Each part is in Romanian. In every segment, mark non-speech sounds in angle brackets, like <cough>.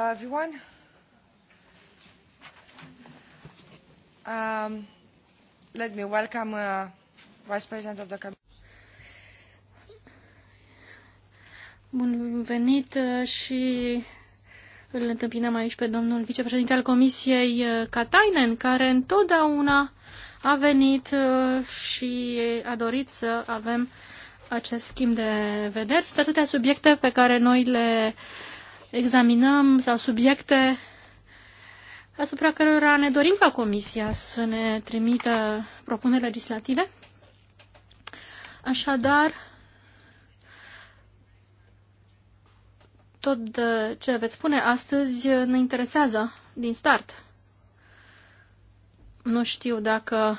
Hello, everyone. Um, let me welcome uh, Vice President of the Commission. Bun venit uh, și îl întâmpinăm aici pe domnul vicepreședinte al Comisiei uh, Katainen, care întotdeauna a venit uh, și a dorit să avem acest schimb de vederi. Sunt atâtea subiecte pe care noi le uh, examinăm sau subiecte asupra cărora ne dorim ca Comisia să ne trimită propuneri legislative. Așadar, tot ce veți spune astăzi ne interesează din start. Nu știu dacă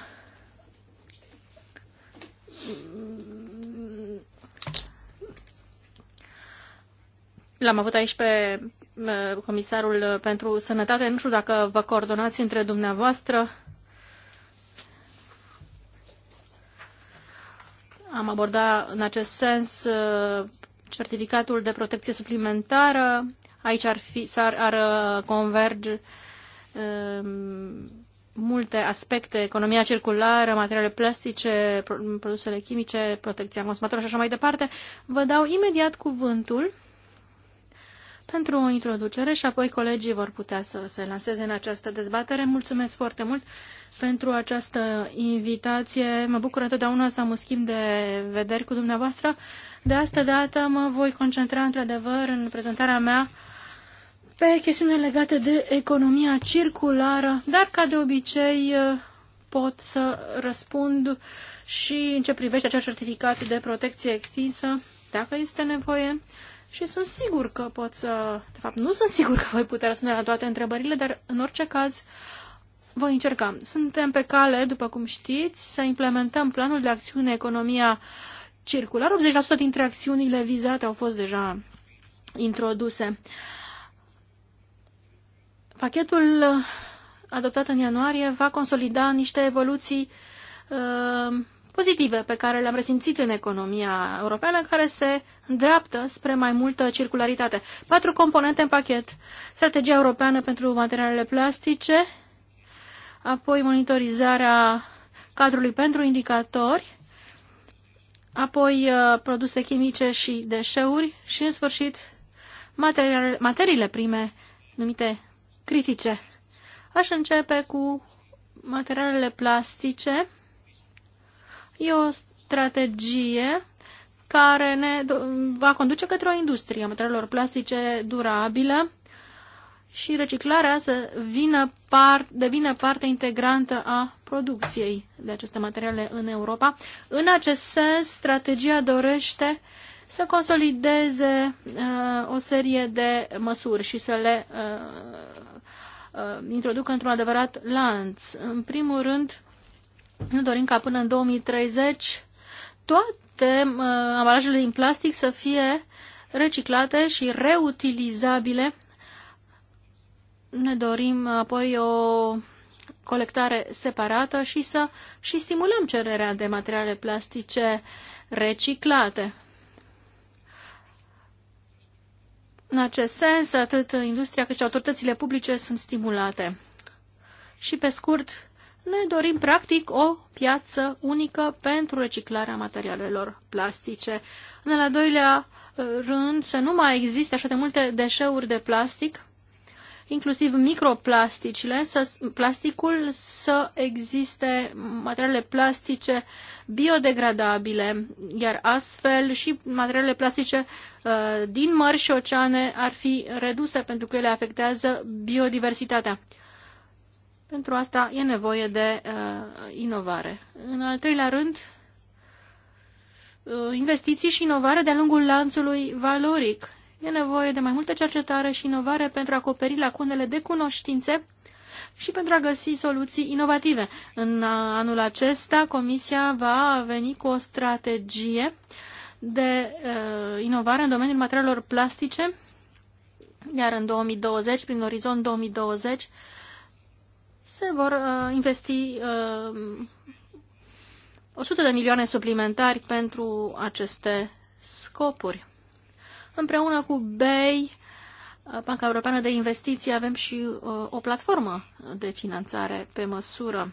L-am avut aici pe comisarul pentru sănătate. Nu știu dacă vă coordonați între dumneavoastră. Am abordat în acest sens uh, certificatul de protecție suplimentară. Aici ar, fi, ar, ar uh, converge um, multe aspecte, economia circulară, materiale plastice, produsele chimice, protecția consumatorilor și așa mai departe. Vă dau imediat cuvântul pentru o introducere și apoi colegii vor putea să se lanseze în această dezbatere. Mulțumesc foarte mult pentru această invitație. Mă bucur întotdeauna să am un schimb de vederi cu dumneavoastră. De asta dată mă voi concentra într-adevăr în prezentarea mea pe chestiuni legate de economia circulară, dar ca de obicei pot să răspund și în ce privește acel certificat de protecție extinsă, dacă este nevoie și sunt sigur că pot să... De fapt, nu sunt sigur că voi putea răspunde la toate întrebările, dar în orice caz voi încerca. Suntem pe cale, după cum știți, să implementăm planul de acțiune economia circulară. 80% dintre acțiunile vizate au fost deja introduse. Pachetul uh, adoptat în ianuarie va consolida niște evoluții uh, pozitive pe care le-am resimțit în economia europeană, care se îndreaptă spre mai multă circularitate. Patru componente în pachet. Strategia europeană pentru materialele plastice, apoi monitorizarea cadrului pentru indicatori, apoi uh, produse chimice și deșeuri și, în sfârșit, materiile prime numite critice. Aș începe cu materialele plastice E o strategie care ne va conduce către o industrie a materialelor plastice durabile și reciclarea să vină par, devină parte integrantă a producției de aceste materiale în Europa. În acest sens, strategia dorește să consolideze uh, o serie de măsuri și să le uh, uh, introducă într-un adevărat lanț. În primul rând, nu dorim ca până în 2030 toate uh, ambalajele din plastic să fie reciclate și reutilizabile. Ne dorim apoi o colectare separată și să și stimulăm cererea de materiale plastice reciclate. În acest sens, atât industria cât și autoritățile publice sunt stimulate. Și pe scurt, ne dorim practic o piață unică pentru reciclarea materialelor plastice. În al doilea uh, rând, să nu mai existe așa de multe deșeuri de plastic, inclusiv microplasticile, să, plasticul să existe materiale plastice biodegradabile, iar astfel și materialele plastice uh, din mări și oceane ar fi reduse pentru că ele afectează biodiversitatea. Pentru asta e nevoie de uh, inovare. În al treilea rând, uh, investiții și inovare de-a lungul lanțului valoric. E nevoie de mai multă cercetare și inovare pentru a acoperi lacunele de cunoștințe și pentru a găsi soluții inovative. În anul acesta, Comisia va veni cu o strategie de uh, inovare în domeniul materialelor plastice, iar în 2020, prin orizont 2020, se vor uh, investi uh, 100 de milioane suplimentari pentru aceste scopuri. Împreună cu BEI, uh, Banca Europeană de Investiții, avem și uh, o platformă de finanțare pe măsură.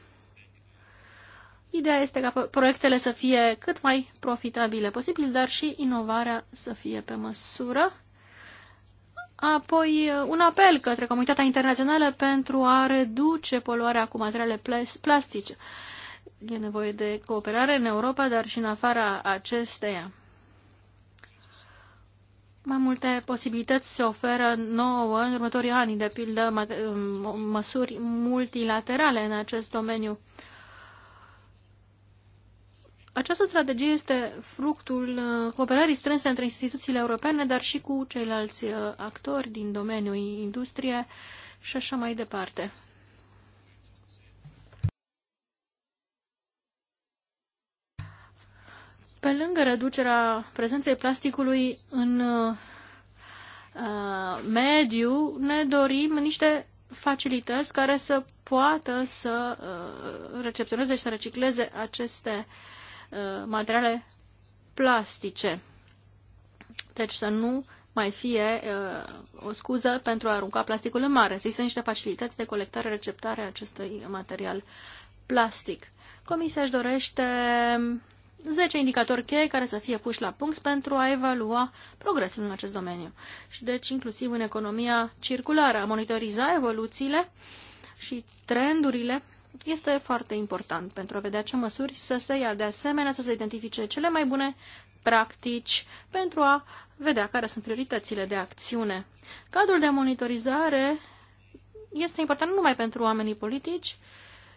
Ideea este ca proiectele să fie cât mai profitabile posibil, dar și inovarea să fie pe măsură Apoi, uh, un apel către comunitatea internațională pentru a reduce poluarea cu materiale plastice. E nevoie de cooperare în Europa, dar și în afara acesteia. Mai multe posibilități se oferă nouă în următorii ani, de pildă măsuri multilaterale în acest domeniu. Această strategie este fructul uh, cooperării strânse între instituțiile europene, dar și cu ceilalți uh, actori din domeniul industrie și așa mai departe. Pe lângă reducerea prezenței plasticului în uh, uh, mediu, ne dorim niște facilități care să poată să uh, recepționeze și să recicleze aceste uh, Uh, materiale plastice. Deci să nu mai fie uh, o scuză pentru a arunca plasticul în mare. Există niște facilități de colectare, receptare a acestui material plastic. Comisia își dorește 10 indicatori cheie care să fie puși la punct pentru a evalua progresul în acest domeniu. Și deci inclusiv în economia circulară, a monitoriza evoluțiile și trendurile este foarte important pentru a vedea ce măsuri să se ia de asemenea, să se identifice cele mai bune practici pentru a vedea care sunt prioritățile de acțiune. Cadrul de monitorizare este important nu numai pentru oamenii politici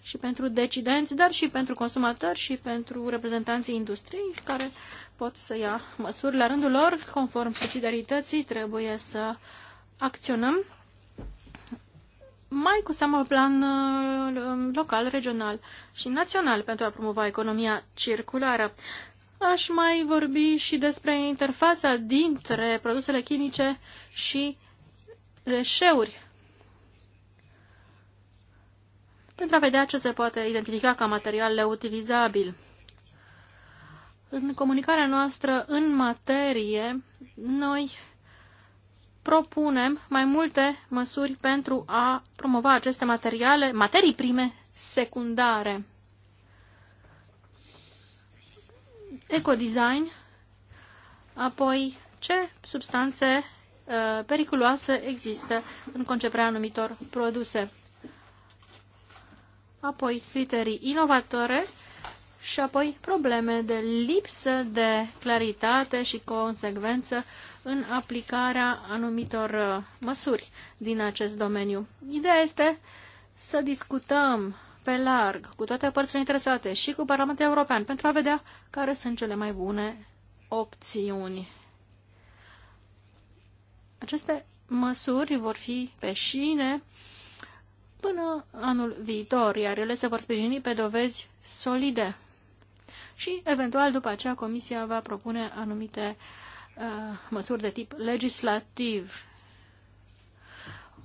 și pentru decidenți, dar și pentru consumatori și pentru reprezentanții industriei care pot să ia măsuri la rândul lor, conform subsidiarității, trebuie să acționăm mai cu seamă plan uh, local, regional și național pentru a promova economia circulară. Aș mai vorbi și despre interfața dintre produsele chimice și deșeuri. Pentru a vedea ce se poate identifica ca material utilizabil. În comunicarea noastră în materie, noi propunem mai multe măsuri pentru a promova aceste materiale, materii prime secundare. Ecodesign, apoi ce substanțe uh, periculoase există în conceperea anumitor produse. Apoi criterii inovatoare și apoi probleme de lipsă de claritate și consecvență în aplicarea anumitor uh, măsuri din acest domeniu. Ideea este să discutăm pe larg cu toate părțile interesate și cu Parlamentul European pentru a vedea care sunt cele mai bune opțiuni. Aceste măsuri vor fi pe șine până anul viitor, iar ele se vor sprijini pe dovezi solide și eventual după aceea Comisia va propune anumite uh, măsuri de tip legislativ.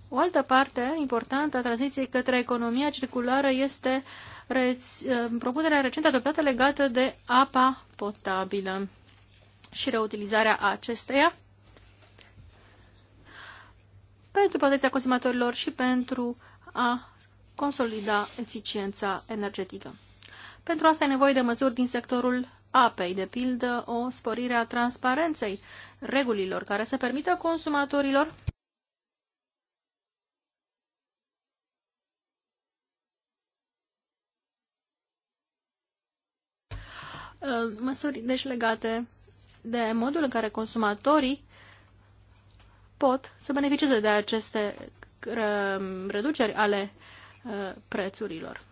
O altă parte importantă a tranziției către economia circulară este uh, propunerea recent adoptată legată de apa potabilă și reutilizarea acesteia pentru protecția consumatorilor și pentru a consolida eficiența energetică. Pentru asta e nevoie de măsuri din sectorul apei, de pildă o sporire a transparenței regulilor care să permită consumatorilor uh, măsuri deci legate de modul în care consumatorii pot să beneficieze de aceste uh, reduceri ale uh, prețurilor.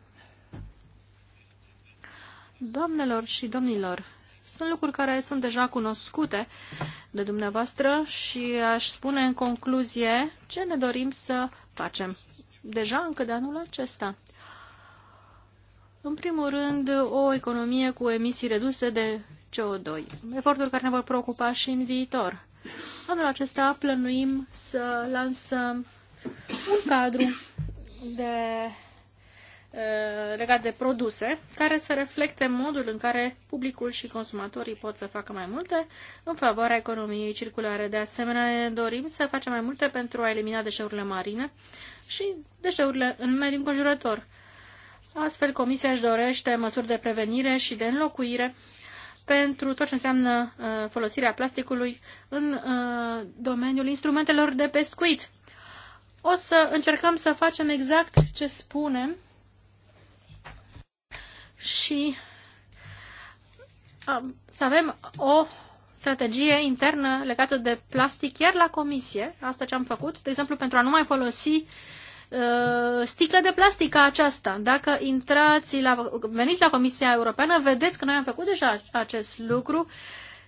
Doamnelor și domnilor, sunt lucruri care sunt deja cunoscute de dumneavoastră și aș spune în concluzie ce ne dorim să facem deja încă de anul acesta. În primul rând, o economie cu emisii reduse de CO2, eforturi care ne vor preocupa și în viitor. Anul acesta plănuim să lansăm un cadru de Uh, legat de produse, care să reflecte modul în care publicul și consumatorii pot să facă mai multe în favoarea economiei circulare. De asemenea, ne dorim să facem mai multe pentru a elimina deșeurile marine și deșeurile în mediul înconjurător. Astfel, Comisia își dorește măsuri de prevenire și de înlocuire pentru tot ce înseamnă uh, folosirea plasticului în uh, domeniul instrumentelor de pescuit. O să încercăm să facem exact ce spunem și uh, să avem o strategie internă legată de plastic, chiar la comisie, asta ce am făcut, de exemplu, pentru a nu mai folosi uh, sticle de plastic ca aceasta. Dacă intrați la, veniți la Comisia Europeană, vedeți că noi am făcut deja acest lucru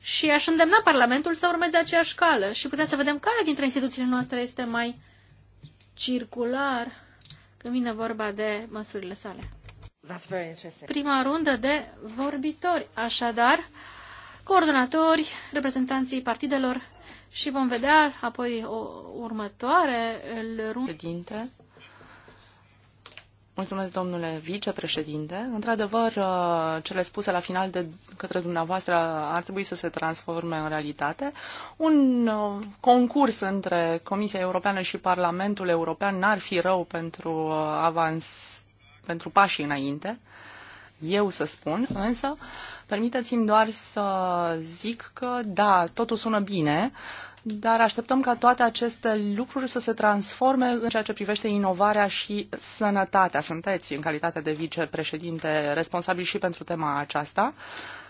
și aș îndemna Parlamentul să urmeze aceeași cală și putem să vedem care dintre instituțiile noastre este mai circular când vine vorba de măsurile sale prima rundă de vorbitori. Așadar, coordonatori, reprezentanții partidelor și vom vedea apoi o următoare rundă. Președinte. Mulțumesc, domnule vicepreședinte. Într-adevăr, uh, cele spuse la final de către dumneavoastră ar trebui să se transforme în realitate. Un uh, concurs între Comisia Europeană și Parlamentul European n-ar fi rău pentru uh, avans pentru pașii înainte, eu să spun, însă permiteți-mi doar să zic că da, totul sună bine, dar așteptăm ca toate aceste lucruri să se transforme în ceea ce privește inovarea și sănătatea. Sunteți în calitate de vicepreședinte responsabil și pentru tema aceasta. Uh,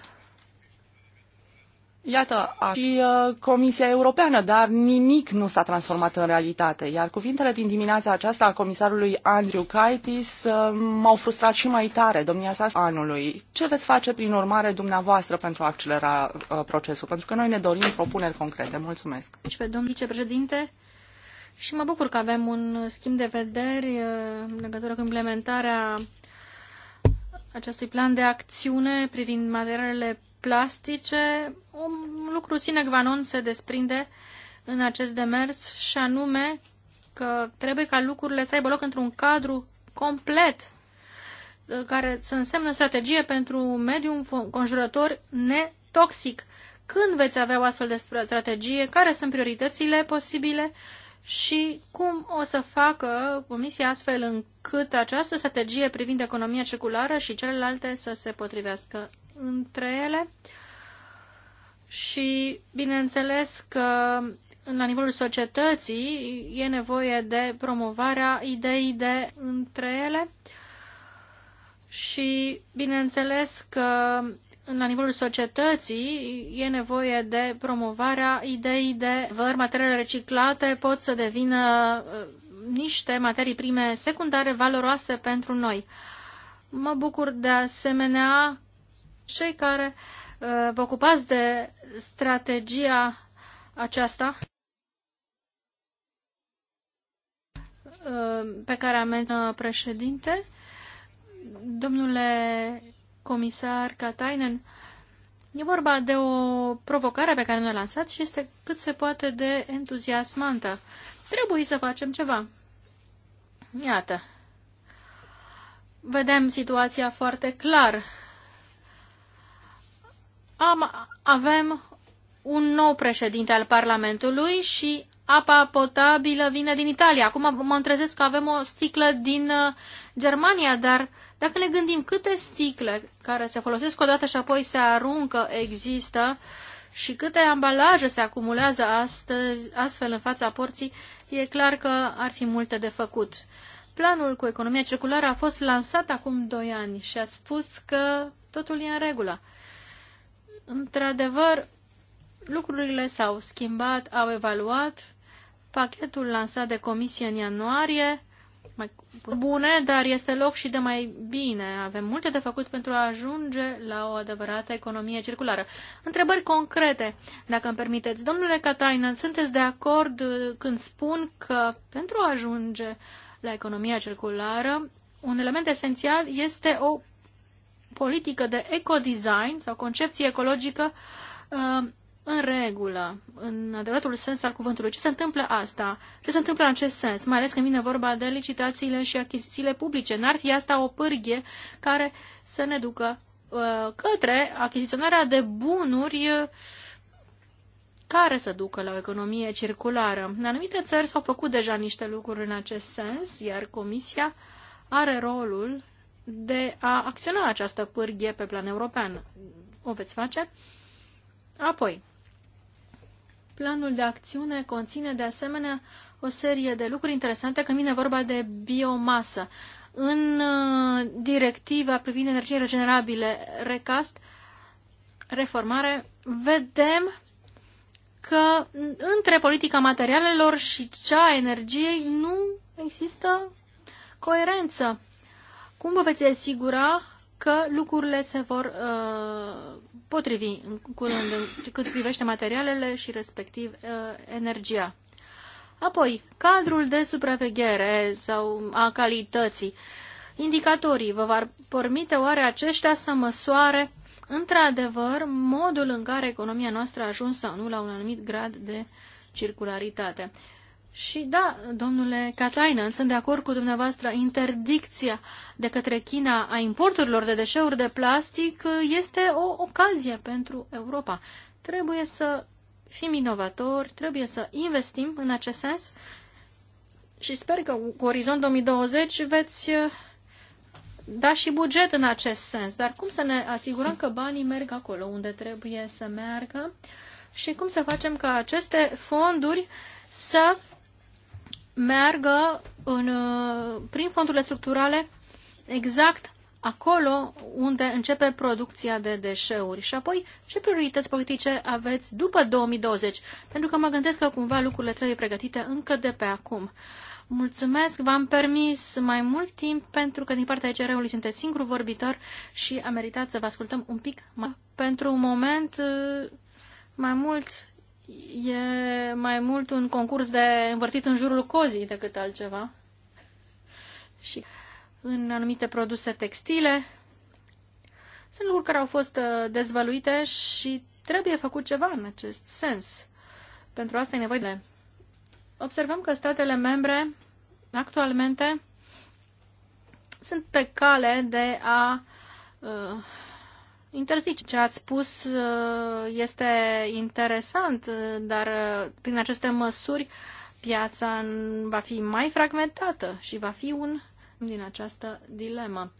Iată, și uh, Comisia Europeană, dar nimic nu s-a transformat în realitate. Iar cuvintele din dimineața aceasta a comisarului Andrew Kaitis uh, m-au frustrat și mai tare, domnia sa, anului. Ce veți face, prin urmare, dumneavoastră pentru a accelera uh, procesul? Pentru că noi ne dorim propuneri concrete. Mulțumesc. Deci, pe domnul vicepreședinte, și mă bucur că avem un schimb de vederi uh, în legătură cu implementarea acestui plan de acțiune privind materialele plastice, un lucru ține gvanon se desprinde în acest demers și anume că trebuie ca lucrurile să aibă loc într-un cadru complet uh, care să însemnă strategie pentru un mediu conjurător netoxic. Când veți avea o astfel de strategie? Care sunt prioritățile posibile? Și cum o să facă Comisia astfel încât această strategie privind economia circulară și celelalte să se potrivească între ele și bineînțeles că la nivelul societății e nevoie de promovarea ideii de între ele și bineînțeles că la nivelul societății e nevoie de promovarea ideii de văr, materiale reciclate pot să devină uh, niște materii prime secundare valoroase pentru noi. Mă bucur de asemenea cei care uh, vă ocupați de strategia aceasta uh, pe care a menționat președinte, domnule comisar Katainen, e vorba de o provocare pe care noi o lansat și este cât se poate de entuziasmantă. Trebuie să facem ceva. Iată. Vedem situația foarte clar am, avem un nou președinte al Parlamentului și apa potabilă vine din Italia. Acum mă întrezesc că avem o sticlă din uh, Germania, dar dacă ne gândim câte sticle care se folosesc odată și apoi se aruncă există și câte ambalaje se acumulează astăzi, astfel în fața porții, e clar că ar fi multe de făcut. Planul cu economia circulară a fost lansat acum doi ani și ați spus că totul e în regulă. Într-adevăr, lucrurile s-au schimbat, au evaluat. Pachetul lansat de comisie în ianuarie, mai bune, dar este loc și de mai bine. Avem multe de făcut pentru a ajunge la o adevărată economie circulară. Întrebări concrete, dacă îmi permiteți. Domnule Cataină, sunteți de acord când spun că pentru a ajunge la economia circulară, un element esențial este o politică de ecodesign sau concepție ecologică uh, în regulă, în adevăratul sens al cuvântului. Ce se întâmplă asta? Ce se întâmplă în acest sens? Mai ales când vine vorba de licitațiile și achizițiile publice. N-ar fi asta o pârghie care să ne ducă uh, către achiziționarea de bunuri uh, care să ducă la o economie circulară. În anumite țări s-au făcut deja niște lucruri în acest sens, iar Comisia are rolul de a acționa această pârghie pe plan european. O veți face? Apoi, planul de acțiune conține de asemenea o serie de lucruri interesante când vine vorba de biomasă. În uh, directiva privind energie regenerabile recast, reformare, vedem că între politica materialelor și cea a energiei nu există coerență. Cum vă veți asigura că lucrurile se vor uh, potrivi în curând cât privește materialele și respectiv uh, energia? Apoi, cadrul de supraveghere sau a calității. Indicatorii vă vor permite oare aceștia să măsoare într-adevăr modul în care economia noastră a ajuns sau nu la un anumit grad de circularitate. Și da, domnule Katainen, sunt de acord cu dumneavoastră, interdicția de către China a importurilor de deșeuri de plastic uh, este o ocazie pentru Europa. Trebuie să fim inovatori, trebuie să investim în acest sens și sper că cu Orizont 2020 veți uh, da și buget în acest sens. Dar cum să ne asigurăm că banii merg acolo unde trebuie să meargă și cum să facem ca aceste fonduri să meargă în, uh, prin fondurile structurale exact acolo unde începe producția de deșeuri. Și apoi, ce priorități politice aveți după 2020? Pentru că mă gândesc că cumva lucrurile trebuie pregătite încă de pe acum. Mulțumesc, v-am permis mai mult timp pentru că din partea ECR-ului sunteți singurul vorbitor și a meritat să vă ascultăm un pic mai. Pentru un moment, uh, mai mult e mai mult un concurs de învârtit în jurul cozii decât altceva. Și în anumite produse textile sunt lucruri care au fost uh, dezvăluite și trebuie făcut ceva în acest sens. Pentru asta e nevoie de... Observăm că statele membre actualmente sunt pe cale de a uh, interzice. Ce ați spus uh, este interesant, uh, dar uh, prin aceste măsuri piața va fi mai fragmentată și va fi un din această dilemă.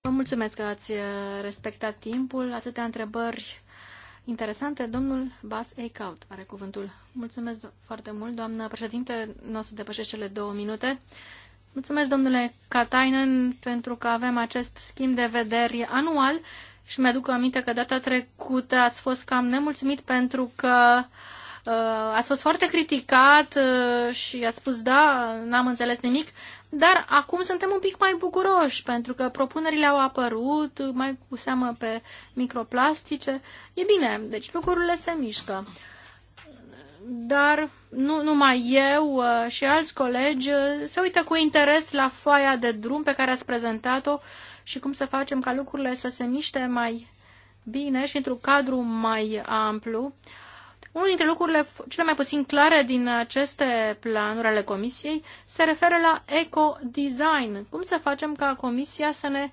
Vă mulțumesc că ați respectat timpul. Atâtea întrebări interesante. Domnul Bas Eicaut are cuvântul. Mulțumesc foarte mult, doamnă președinte. Nu o să depășesc cele două minute. Mulțumesc, domnule Katainen, pentru că avem acest schimb de vederi anual și mi-aduc aminte că data trecută ați fost cam nemulțumit pentru că uh, ați fost foarte criticat uh, și ați spus da, n-am înțeles nimic, dar acum suntem un pic mai bucuroși pentru că propunerile au apărut, mai cu seamă pe microplastice. E bine, deci lucrurile se mișcă dar nu numai eu uh, și alți colegi uh, se uită cu interes la foaia de drum pe care ați prezentat-o și cum să facem ca lucrurile să se miște mai bine și într-un cadru mai amplu. Unul dintre lucrurile cele mai puțin clare din aceste planuri ale Comisiei se referă la eco-design. Cum să facem ca Comisia să ne uh,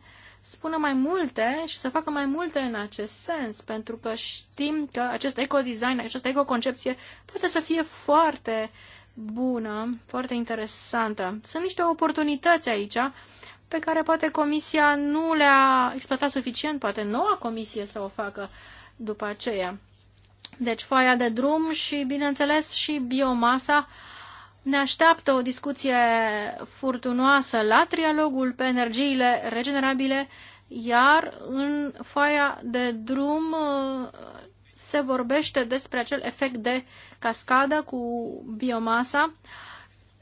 spună mai multe și să facă mai multe în acest sens, pentru că știm că acest ecodesign, această ecoconcepție poate să fie foarte bună, foarte interesantă. Sunt niște oportunități aici pe care poate comisia nu le-a exploatat suficient, poate noua comisie să o facă după aceea. Deci foaia de drum și, bineînțeles, și biomasa uh, ne așteaptă o discuție furtunoasă la trialogul pe energiile regenerabile, iar în foaia de drum uh, se vorbește despre acel efect de cascadă cu biomasa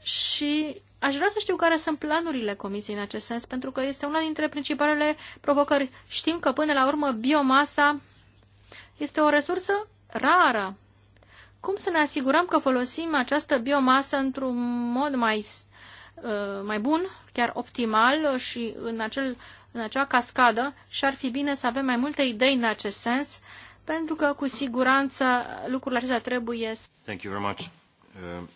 și aș vrea să știu care sunt planurile Comisiei în acest sens, pentru că este una dintre principalele provocări. Știm că până la urmă biomasa este o resursă rară cum să ne asigurăm că folosim această biomasă într-un mod mai, uh, mai bun, chiar optimal și în, acel, în acea cascadă și ar fi bine să avem mai multe idei în acest sens, pentru că cu siguranță lucrurile acestea trebuie să... Thank you very much. Uh,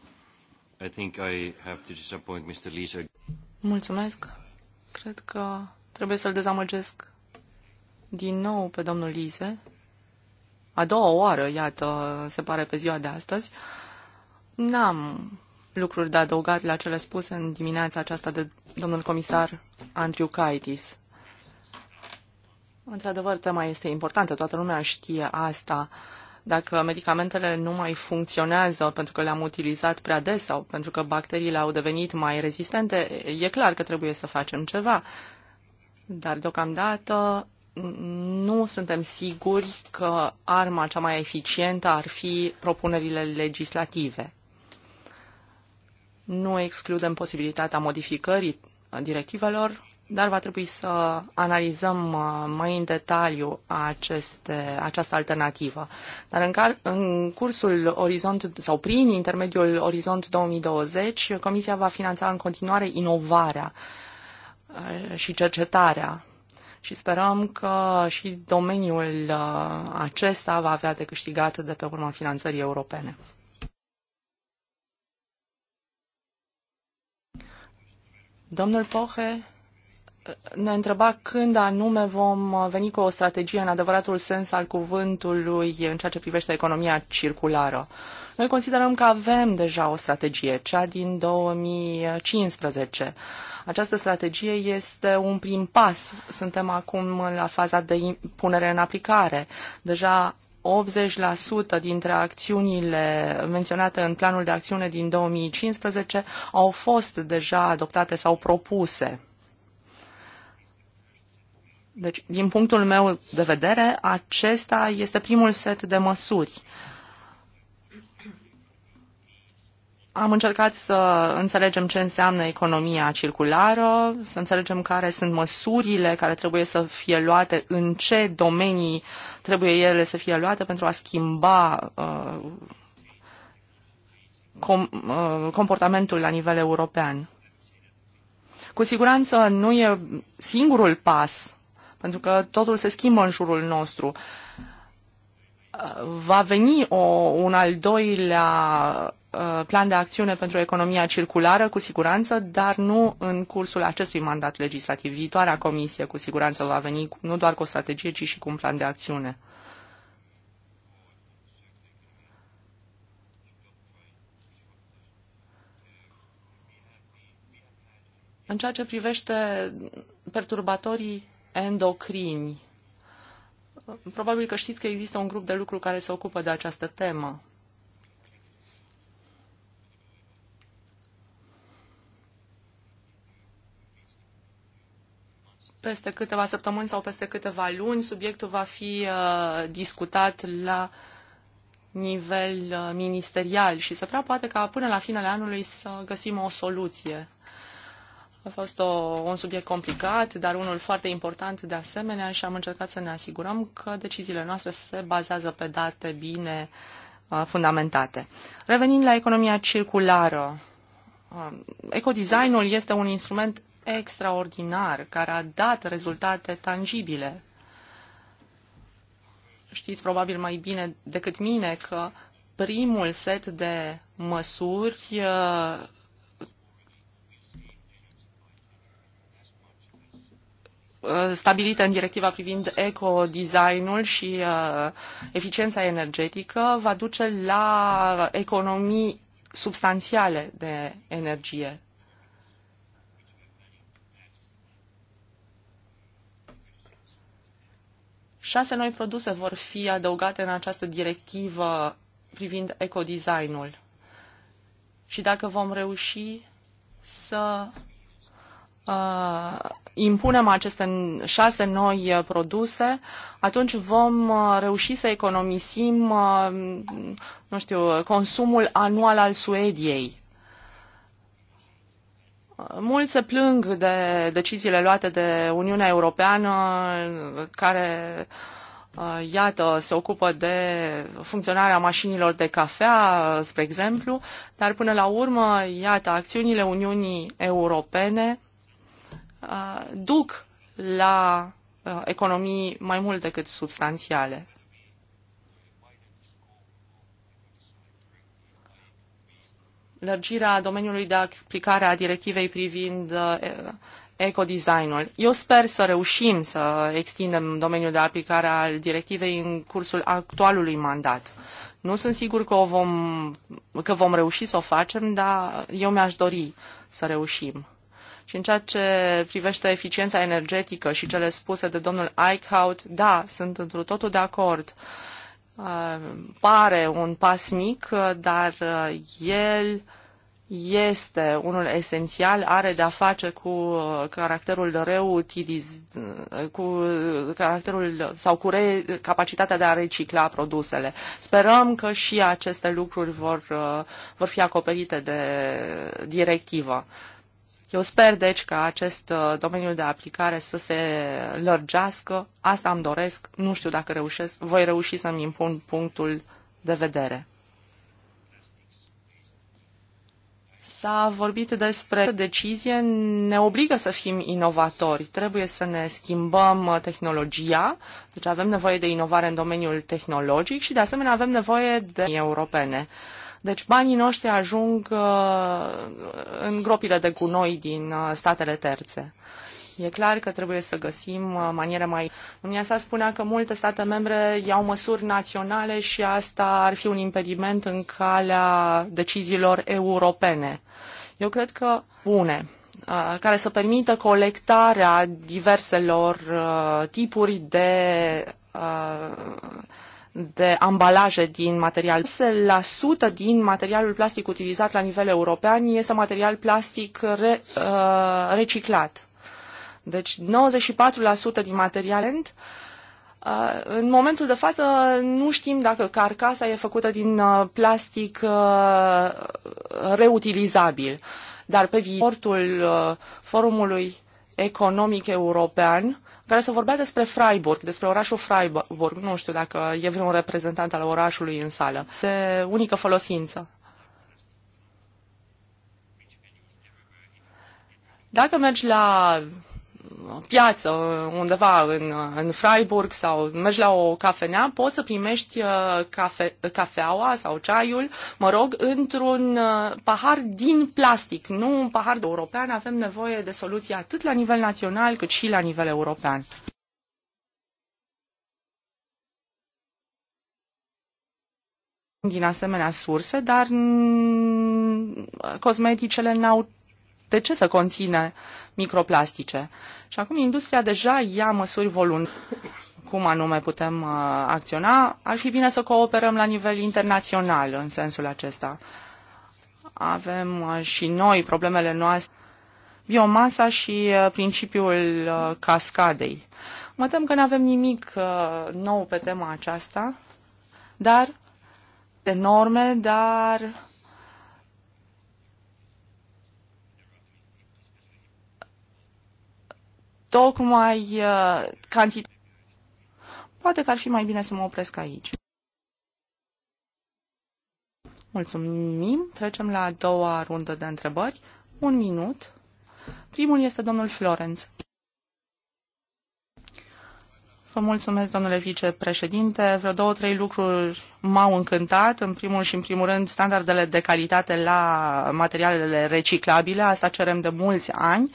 I think I have to disappoint Mr. Lisa. Mulțumesc. Cred că trebuie să-l dezamăgesc din nou pe domnul Lise a doua oară, iată, se pare pe ziua de astăzi, n-am lucruri de adăugat la cele spuse în dimineața aceasta de domnul comisar Andrew Kaitis. Într-adevăr, tema este importantă, toată lumea știe asta. Dacă medicamentele nu mai funcționează pentru că le-am utilizat prea des sau pentru că bacteriile au devenit mai rezistente, e clar că trebuie să facem ceva. Dar deocamdată nu suntem siguri că arma cea mai eficientă ar fi propunerile legislative. Nu excludem posibilitatea modificării directivelor, dar va trebui să analizăm uh, mai în detaliu aceste, această alternativă. Dar în, car, în cursul Orizont sau prin intermediul Orizont 2020, Comisia va finanța în continuare inovarea uh, și cercetarea și sperăm că și domeniul uh, acesta va avea de câștigat de pe urma finanțării europene. Domnul Poche ne întreba când anume vom veni cu o strategie în adevăratul sens al cuvântului în ceea ce privește economia circulară. Noi considerăm că avem deja o strategie, cea din 2015. Această strategie este un prim pas. Suntem acum la faza de punere în aplicare. Deja 80% dintre acțiunile menționate în planul de acțiune din 2015 au fost deja adoptate sau propuse. Deci, din punctul meu de vedere, acesta este primul set de măsuri. Am încercat să înțelegem ce înseamnă economia circulară, să înțelegem care sunt măsurile care trebuie să fie luate, în ce domenii trebuie ele să fie luate pentru a schimba uh, com, uh, comportamentul la nivel european. Cu siguranță nu e singurul pas pentru că totul se schimbă în jurul nostru. Va veni o, un al doilea uh, plan de acțiune pentru economia circulară, cu siguranță, dar nu în cursul acestui mandat legislativ. Viitoarea comisie, cu siguranță, va veni nu doar cu o strategie, ci și cu un plan de acțiune. În ceea ce privește perturbatorii endocrini. Probabil că știți că există un grup de lucru care se ocupă de această temă. Peste câteva săptămâni sau peste câteva luni, subiectul va fi uh, discutat la nivel uh, ministerial și se prea poate ca până la finele anului să găsim o soluție. A fost o, un subiect complicat, dar unul foarte important de asemenea și am încercat să ne asigurăm că deciziile noastre se bazează pe date bine fundamentate. Revenind la economia circulară, ecodesignul este un instrument extraordinar care a dat rezultate tangibile. Știți probabil mai bine decât mine că primul set de măsuri Uh, stabilite în directiva privind ecodesignul și uh, eficiența energetică va duce la economii substanțiale de energie. Șase noi produse vor fi adăugate în această directivă privind ecodesignul. Și dacă vom reuși să uh, impunem aceste șase noi uh, produse, atunci vom uh, reuși să economisim, uh, nu știu, consumul anual al Suediei. Mulți se plâng de deciziile luate de Uniunea Europeană care iată, se ocupă de funcționarea mașinilor de cafea, spre exemplu, dar până la urmă, iată, acțiunile Uniunii Europene Uh, duc la uh, economii mai mult decât substanțiale. Lărgirea domeniului de aplicare a directivei privind uh, ecodesignul. Eu sper să reușim să extindem domeniul de aplicare al directivei în cursul actualului mandat. Nu sunt sigur că, o vom, că vom reuși să o facem, dar eu mi-aș dori să reușim. Și în ceea ce privește eficiența energetică și cele spuse de domnul Eichhout, da, sunt într totul de acord. Uh, pare un pas mic, dar uh, el este unul esențial, are de-a face cu uh, caracterul reutiliz, cu caracterul sau cu re, capacitatea de a recicla produsele. Sperăm că și aceste lucruri vor, vor fi acoperite de directivă. Eu sper, deci, că acest uh, domeniu de aplicare să se lărgească. Asta îmi doresc. Nu știu dacă reușesc. Voi reuși să-mi impun punctul de vedere. S-a vorbit despre decizie, ne obligă să fim inovatori, trebuie să ne schimbăm uh, tehnologia, deci avem nevoie de inovare în domeniul tehnologic și de asemenea avem nevoie de europene. Deci banii noștri ajung uh, în gropile de gunoi din uh, statele terțe. E clar că trebuie să găsim uh, maniere mai... Dumneavoastră spunea că multe state membre iau măsuri naționale și asta ar fi un impediment în calea deciziilor europene. Eu cred că bune care să permită colectarea diverselor tipuri de de ambalaje din material. 6% din materialul plastic utilizat la nivel european este material plastic re, uh, reciclat. Deci 94% din material uh, în momentul de față nu știm dacă carcasa e făcută din uh, plastic uh, reutilizabil, dar pe viitorul uh, Forumului Economic European care să vorbea despre Freiburg, despre orașul Freiburg. Nu știu dacă e vreun reprezentant al orașului în sală. De unică folosință. Dacă mergi la piață uh, undeva în, uh, în Freiburg sau mergi la o cafenea, poți să primești uh, cafe, cafeaua sau ceaiul, mă rog, într-un pahar din plastic, nu un pahar de european. Avem nevoie de soluții atât la nivel național cât și la nivel european. din asemenea surse, dar mm, cosmeticele n-au de ce să conțină microplastice. Și acum industria deja ia măsuri voluntare. Cum anume putem uh, acționa? Ar fi bine să cooperăm la nivel internațional în sensul acesta. Avem uh, și noi problemele noastre, biomasa și uh, principiul cascadei. Mă tem că nu avem nimic nou pe tema aceasta, dar de norme, dar tocmai uh, cantitatea. Poate că ar fi mai bine să mă opresc aici. Mulțumim. Trecem la a doua rundă de întrebări. Un minut. Primul este domnul Florenț. Vă mulțumesc, domnule vicepreședinte. Vreo două, trei lucruri m-au încântat. În primul și în primul rând, standardele de calitate la materialele reciclabile. Asta cerem de mulți ani. Uh,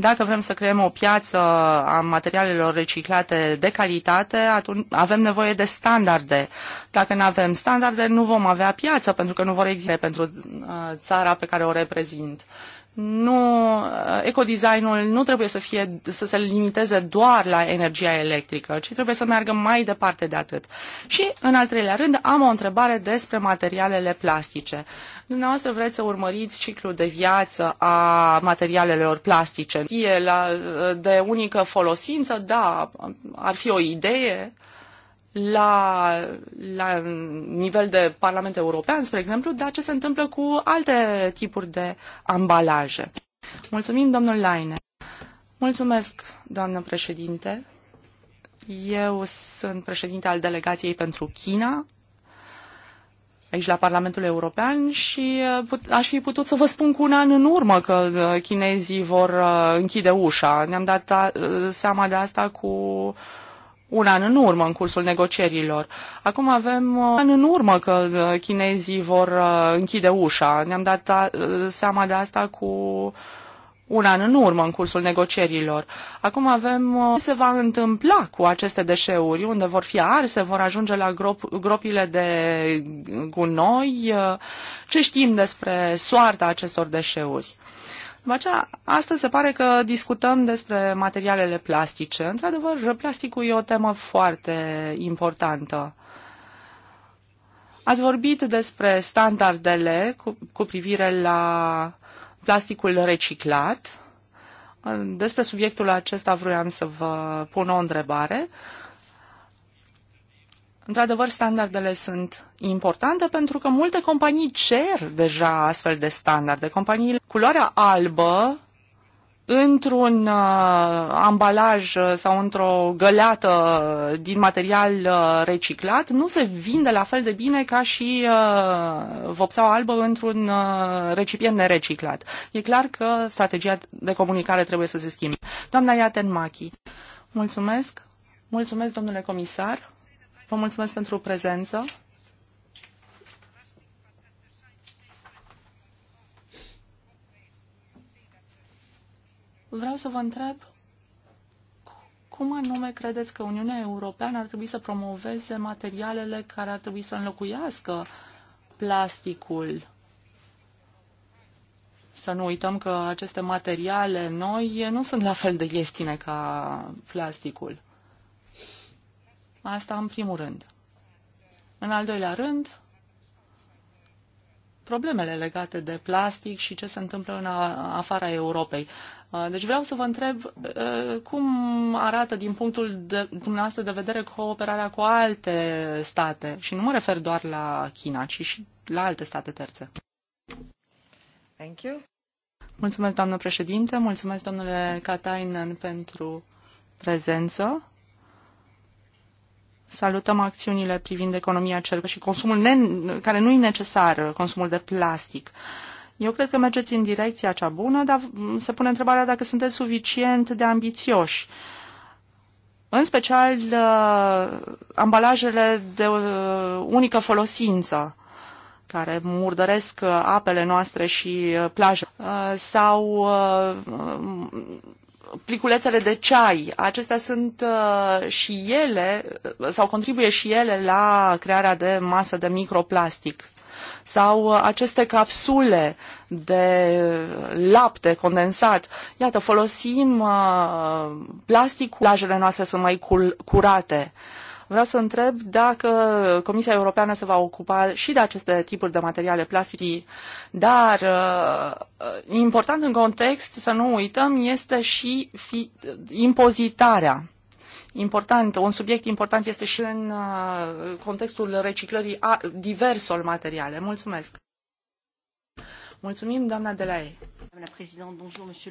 dacă vrem să creăm o piață a materialelor reciclate de calitate, atunci avem nevoie de standarde. Dacă nu avem standarde, nu vom avea piață, pentru că nu vor exista pentru uh, țara pe care o reprezint nu, ecodesignul nu trebuie să, fie, să se limiteze doar la energia electrică, ci trebuie să meargă mai departe de atât. Și, în al treilea rând, am o întrebare despre materialele plastice. Dumneavoastră vreți să urmăriți ciclul de viață a materialelor plastice. Fie la, de unică folosință, da, ar fi o idee, la, la nivel de Parlament European, spre exemplu, dar ce se întâmplă cu alte tipuri de ambalaje. Mulțumim, domnul Laine. Mulțumesc, doamnă președinte. Eu sunt președinte al delegației pentru China, aici la Parlamentul European și uh, aș fi putut să vă spun cu un an în urmă că uh, chinezii vor uh, închide ușa. Ne-am dat seama de asta cu uh, un an în urmă în cursul negocierilor. Acum avem uh, un an în urmă că uh, chinezii vor uh, închide ușa. Ne-am dat seama de asta cu un an în urmă în cursul negocierilor. Acum avem ce se va întâmpla cu aceste deșeuri, unde vor fi arse, vor ajunge la grop, gropile de gunoi, ce știm despre soarta acestor deșeuri. După aceea, astăzi se pare că discutăm despre materialele plastice. Într-adevăr, plasticul e o temă foarte importantă. Ați vorbit despre standardele cu, cu privire la plasticul reciclat. Despre subiectul acesta vroiam să vă pun o întrebare. Uh, Într-adevăr, standardele sunt importante pentru că multe companii cer deja astfel de standarde. Companiile culoarea albă într-un uh, ambalaj sau într-o găleată din material uh, reciclat nu se vinde la fel de bine ca și uh, vopsea albă într-un uh, recipient nereciclat. E clar că strategia de comunicare trebuie să se schimbe. Doamna Iaten Machi, mulțumesc. Mulțumesc, domnule comisar. Vă mulțumesc pentru prezență. Vreau să vă întreb cum anume credeți că Uniunea Europeană ar trebui să promoveze materialele care ar trebui să înlocuiască plasticul? Să nu uităm că aceste materiale noi nu sunt la fel de ieftine ca plasticul. Asta în primul rând. În al doilea rând, problemele legate de plastic și ce se întâmplă în afara Europei. Uh, deci vreau să vă întreb uh, cum arată din punctul de, dumneavoastră de vedere cooperarea cu alte state și nu mă refer doar la China, ci și la alte state terțe. Thank you. Mulțumesc, doamnă președinte, mulțumesc, domnule Katainen, pentru prezență. Salutăm acțiunile privind economia circulară și consumul care nu e necesar, uh, consumul de plastic. Eu cred că mergeți în direcția cea bună, dar mm, se pune întrebarea dacă sunteți suficient de ambițioși. În special, uh, ambalajele de uh, unică folosință care murdăresc uh, apele noastre și uh, plaje sau pliculețele de ceai, acestea sunt uh, și ele, uh, sau contribuie și ele la crearea de masă de microplastic. Sau uh, aceste capsule de lapte condensat. Iată, folosim uh, plasticul, plajele noastre sunt mai curate. Uh, Vreau să întreb dacă Comisia Europeană se va ocupa și de aceste tipuri de materiale plastice, dar uh, important în context, să nu uităm, este și fi, impozitarea important, un subiect important este și în uh, contextul reciclării a diversor materiale. Mulțumesc! Mulțumim, doamna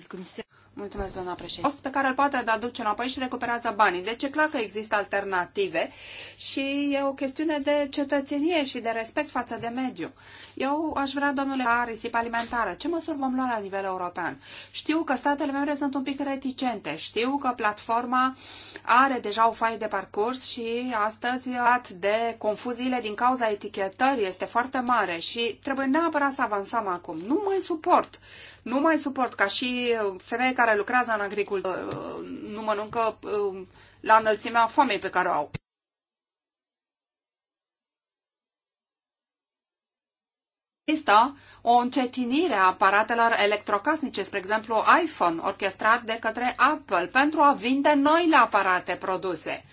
Comisar. Mulțumesc, doamna președinte. Cost pe care îl poate aduce da înapoi și recuperează banii. Deci e clar că există alternative și e o chestiune de cetățenie și de respect față de mediu. Eu aș vrea, domnule, ca risipa alimentară. Ce măsuri vom lua la nivel european? Știu că statele membre sunt un pic reticente. Știu că platforma are deja o faie de parcurs și astăzi at de confuziile din cauza etichetării este foarte mare și trebuie neapărat să avansăm acum. Nu mai suport. Nu mai suport ca și femeie care care lucrează în agricultură uh, nu mănâncă uh, la înălțimea foamei pe care o au. Există o încetinire a aparatelor electrocasnice, spre exemplu iPhone, orchestrat de către Apple, pentru a vinde noile aparate produse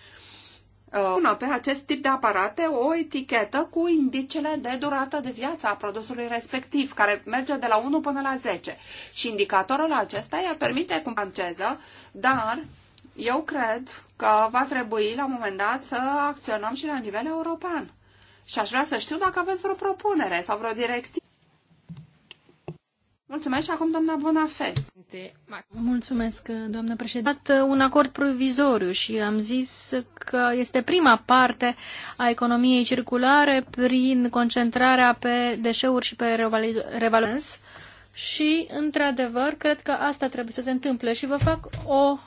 pună uh, pe acest tip de aparate o etichetă cu indicele de durată de viață a produsului respectiv, care merge de la 1 până la 10. Și indicatorul acesta i-ar permite cum franceză, dar eu cred că va trebui la un moment dat să acționăm și la nivel european. Și aș vrea să știu dacă aveți vreo propunere sau vreo directivă Mulțumesc și acum doamna Bonafé. Mulțumesc, doamnă președinte. Uh, un acord provizoriu și am zis că este prima parte a economiei circulare prin concentrarea pe deșeuri și pe revalens. Și, într-adevăr, cred că asta trebuie să se întâmple și vă fac o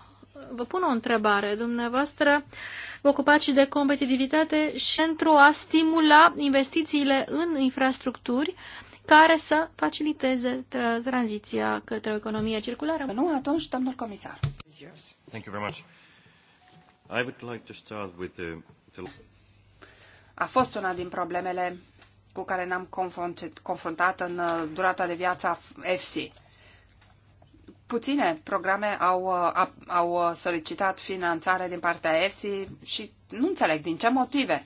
vă pun o întrebare. Dumneavoastră vă ocupați și de competitivitate și pentru a stimula investițiile în infrastructuri care să faciliteze tra tranziția către o economie circulară. Nu, atunci, domnul comisar. Thank you very much. I would like to start with the, the... A fost una din problemele cu care ne-am confruntat în uh, durata de viață a FC. Puține programe au, uh, au uh, solicitat finanțare din partea EFSI și nu înțeleg din ce motive.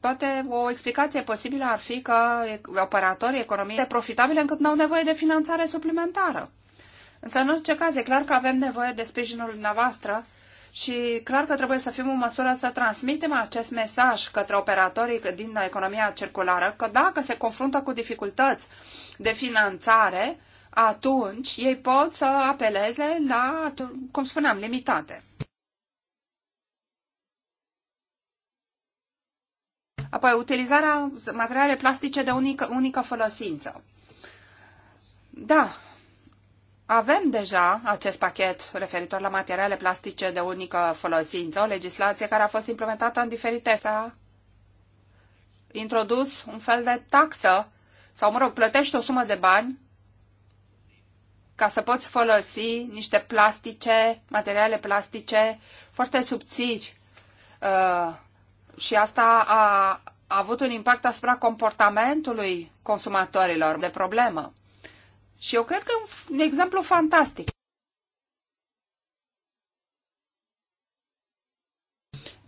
Poate o explicație posibilă ar fi că operatorii economiei profitabile încât n-au nevoie de finanțare suplimentară. Însă, în orice caz, e clar că avem nevoie de sprijinul dumneavoastră și clar că trebuie să fim în măsură să transmitem acest mesaj către operatorii din economia circulară, că dacă se confruntă cu dificultăți de finanțare, atunci ei pot să apeleze la, cum spuneam, limitate. Apoi, utilizarea materiale plastice de unică, unică folosință. Da, avem deja acest pachet referitor la materiale plastice de unică folosință, o legislație care a fost implementată în diferite... S-a introdus un fel de taxă sau, mă rog, plătești o sumă de bani ca să poți folosi niște plastice, materiale plastice foarte subțiri, uh, și asta a, a avut un impact asupra comportamentului consumatorilor de problemă. Și eu cred că e un exemplu fantastic.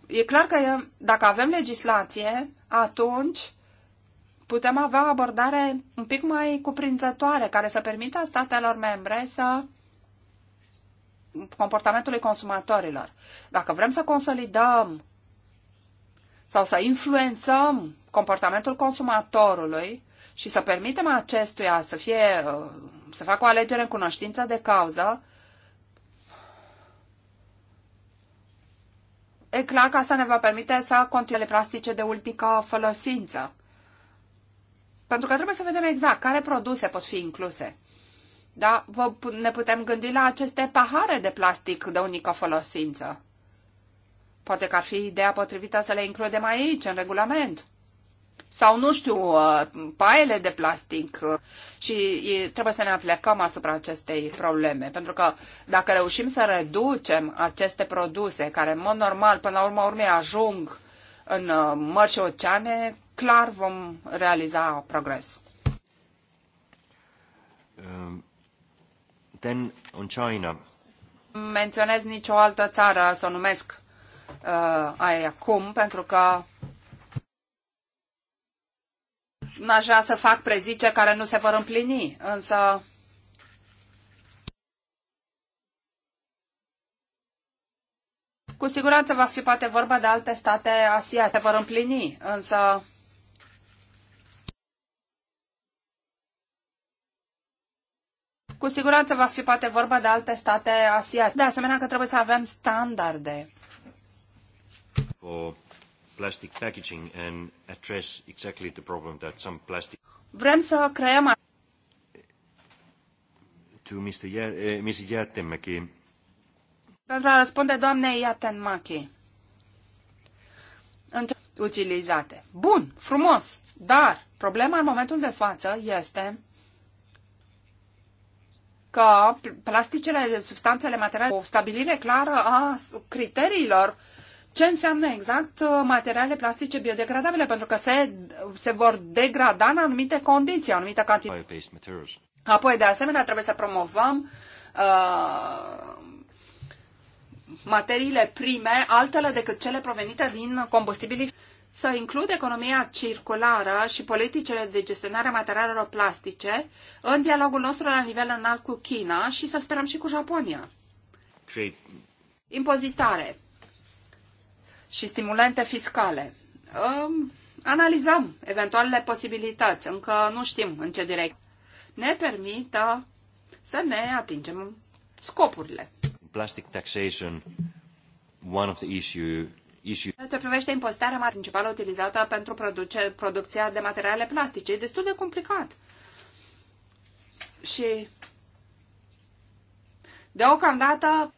E clar că dacă avem legislație, atunci putem avea o abordare un pic mai cuprinzătoare, care să permită statelor membre să comportamentului consumatorilor. Dacă vrem să consolidăm sau să influențăm comportamentul consumatorului și să permitem acestuia să fie uh, să facă o alegere în cunoștință de cauză, e clar că asta ne va permite să continuăm plastice de ultică folosință. Pentru că trebuie să vedem exact care produse pot fi incluse. Da? Vă, ne putem gândi la aceste pahare de plastic de unică folosință. Poate că ar fi ideea potrivită să le includem aici, în regulament. Sau, nu știu, uh, paiele de plastic. Și trebuie să ne aplecăm asupra acestei probleme. Pentru că dacă reușim să reducem aceste produse, care în mod normal, până la urma urmei, ajung în uh, mări și oceane, clar vom realiza progres. Um, then on China. Menționez nicio altă țară, să o numesc uh, ai acum, pentru că n-aș vrea să fac prezice care nu se vor împlini, însă cu siguranță va fi poate vorba de alte state asiatice vor împlini, însă Cu siguranță va fi poate vorba de alte state asiatice. De asemenea că trebuie să avem standarde for plastic packaging and address exactly the problem that some plastic Vrem să creăm to Mr. Ia- eh, Mrs. Jätenmäki. Pentru a răspunde doamnei Jätenmäki. Utilizate. Bun, frumos, dar problema în momentul de față este că plasticele, substanțele materiale, o stabilire clară a criteriilor uh, ce înseamnă exact uh, materiale plastice biodegradabile, pentru că se, se vor degrada în anumite condiții, în anumite cantități. Apoi, de asemenea, trebuie să promovăm uh, materiile prime, altele decât cele provenite din combustibilii să includ economia circulară și politicile de gestionare a materialelor plastice în dialogul nostru la nivel înalt cu China și să sperăm și cu Japonia. Trade. Impozitare și stimulente fiscale. Analizăm eventualele posibilități, încă nu știm în ce direct ne permită să ne atingem scopurile. Plastic taxation, one of the issue issue. ce privește impozitarea principală utilizată pentru produce, producția de materiale plastice, e destul de complicat. Și Deocamdată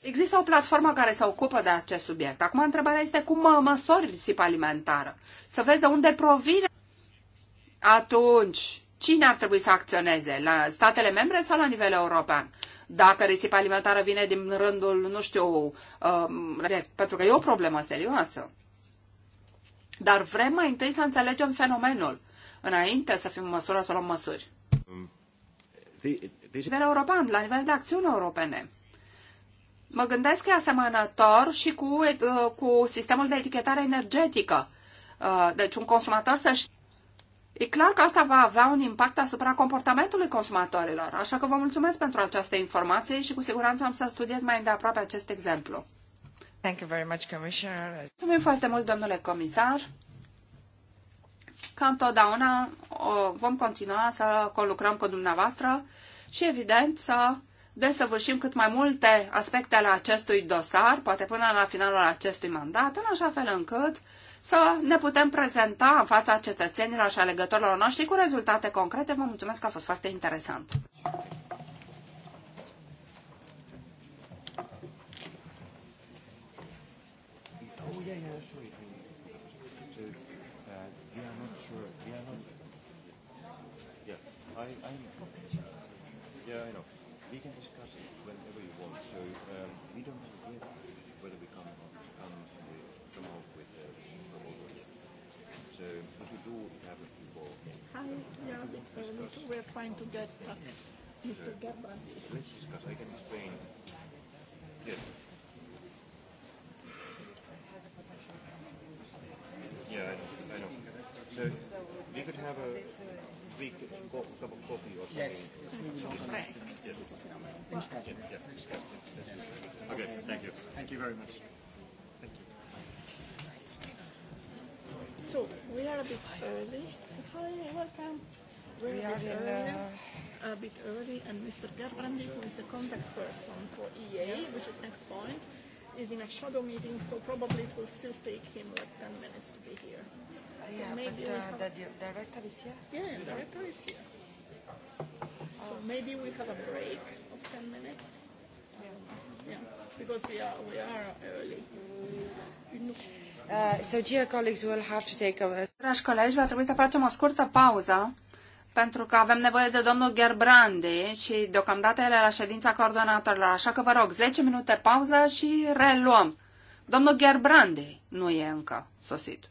există o platformă care se ocupă de acest subiect. Acum întrebarea este cum măsori risipa alimentară. Să vezi de unde provine. Atunci, cine ar trebui să acționeze? La statele membre sau la nivel european? Dacă risipa alimentară vine din rândul, nu știu, uh, pentru că e o problemă serioasă. Dar vrem mai întâi să înțelegem fenomenul, înainte să fim în măsură să luăm măsuri nivel european, la nivel de acțiuni europene. Mă gândesc că e asemănător și cu, uh, cu sistemul de etichetare energetică. Uh, deci un consumator să știe. E clar că asta va avea un impact asupra comportamentului consumatorilor, așa că vă mulțumesc pentru această informație și cu siguranță am să studiez mai îndeaproape acest exemplu. Thank you very much, Commissioner. Mulțumim foarte mult, domnule comisar. Ca întotdeauna, vom continua să conlucrăm cu dumneavoastră și, evident, să desăvârșim cât mai multe aspecte ale acestui dosar, poate până la finalul acestui mandat, în așa fel încât să ne putem prezenta în fața cetățenilor și alegătorilor noștri cu rezultate concrete. Vă mulțumesc că a fost foarte interesant. Oh, yeah, yeah, sure. I, I Yeah, I know. We can discuss it whenever you want. So um, we don't have yet whether we come come come out with uh, a proposal. So what we do we have it before. Hi, yeah, so we're trying to get uh, Mr. Gabba. Let's discuss. I can explain. Yes. Yeah, I know. I know. So we could have a week a cup of coffee or something. Yes. yes. yes. Next yeah, yeah. Next yeah. Okay, thank you. Thank you very much. Thank you. So, we are a bit early. Hi, welcome. We're we are a bit in, early. Uh, a bit early, and Mr. Gerbrandi, who is the contact person for EA, which is next point, is in a shadow meeting, so probably it will still take him like 10 minutes to be here yeah, maybe but uh, the di- director is here? Yeah, the director is here. So oh. maybe we have a break of 10 minutes. Yeah, yeah because we are, we are early. Uh, so, Dragi colegi, va trebui să facem o scurtă pauză pentru că avem nevoie de domnul Gerbrandi și deocamdată el la ședința coordonatorilor. Așa că vă rog, 10 minute pauză și reluăm. Domnul Gerbrandi nu e încă sosit.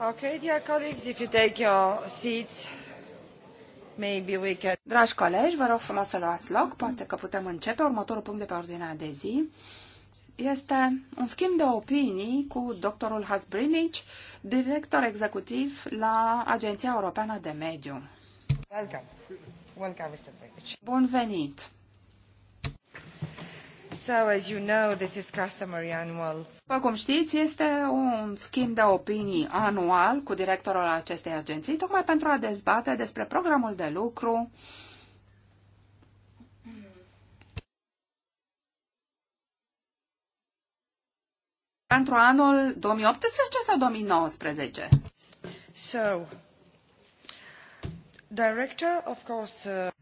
Okay, dear colleagues, if you take your seats, maybe we can... Dragi colegi, vă rog frumos să luați loc, poate că putem începe. Următorul punct de pe ordinea de zi este un schimb de opinii cu doctorul Hasbrinich, director executiv la Agenția Europeană de Mediu. Welcome. Welcome, Mr. Bun venit! So, as you know, this is customary annual. După cum știți, este un schimb de opinii anual cu directorul acestei agenții, tocmai pentru a dezbate despre programul de lucru, pentru anul 2018 sau 2019? So, director, of course, uh...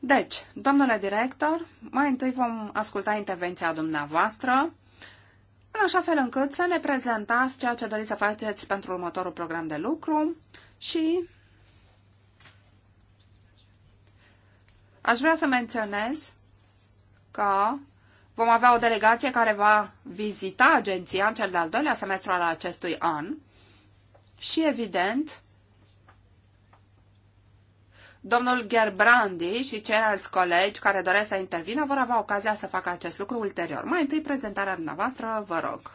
Deci, domnule director, mai întâi vom asculta intervenția dumneavoastră, în așa fel încât să ne prezentați ceea ce doriți să faceți pentru următorul program de lucru și aș vrea să menționez că vom avea o delegație care va vizita agenția în cel de-al doilea semestru al acestui an și, evident, Domnul Gerbrandi și ceilalți colegi care doresc să intervină vor avea ocazia să facă acest lucru ulterior. Mai întâi prezentarea dumneavoastră, vă rog.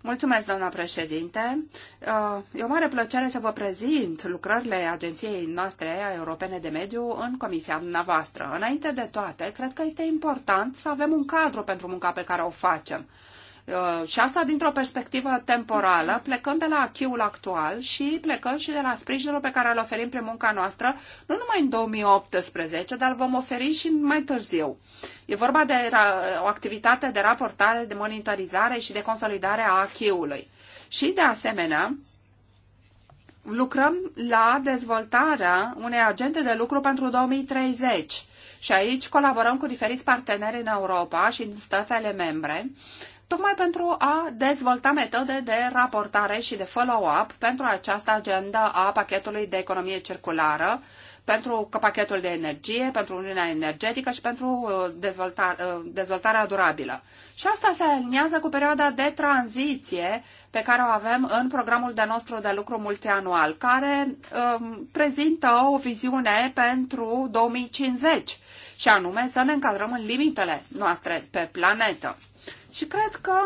Mulțumesc, doamna președinte. Uh, e o mare plăcere să vă prezint lucrările Agenției noastre europene de mediu în comisia dumneavoastră. Înainte de toate, cred că este important să avem un cadru pentru munca pe care o facem. Uh, și asta dintr-o perspectivă temporală, plecând de la achiul actual și plecând și de la sprijinul pe care îl oferim prin munca noastră, nu numai în 2018, dar îl vom oferi și mai târziu. E vorba de o activitate de raportare, de monitorizare și de consolidare a achiului. Și, de asemenea, lucrăm la dezvoltarea unei agente de lucru pentru 2030. Și aici colaborăm cu diferiți parteneri în Europa și în statele membre tocmai pentru a dezvolta metode de raportare și de follow-up pentru această agenda a pachetului de economie circulară, pentru pachetul de energie, pentru Uniunea Energetică și pentru uh, dezvoltare, uh, dezvoltarea durabilă. Și asta se aliniază cu perioada de tranziție pe care o avem în programul de nostru de lucru multianual, care um, prezintă o viziune pentru 2050 și anume să ne încadrăm în limitele noastre pe planetă. Și cred că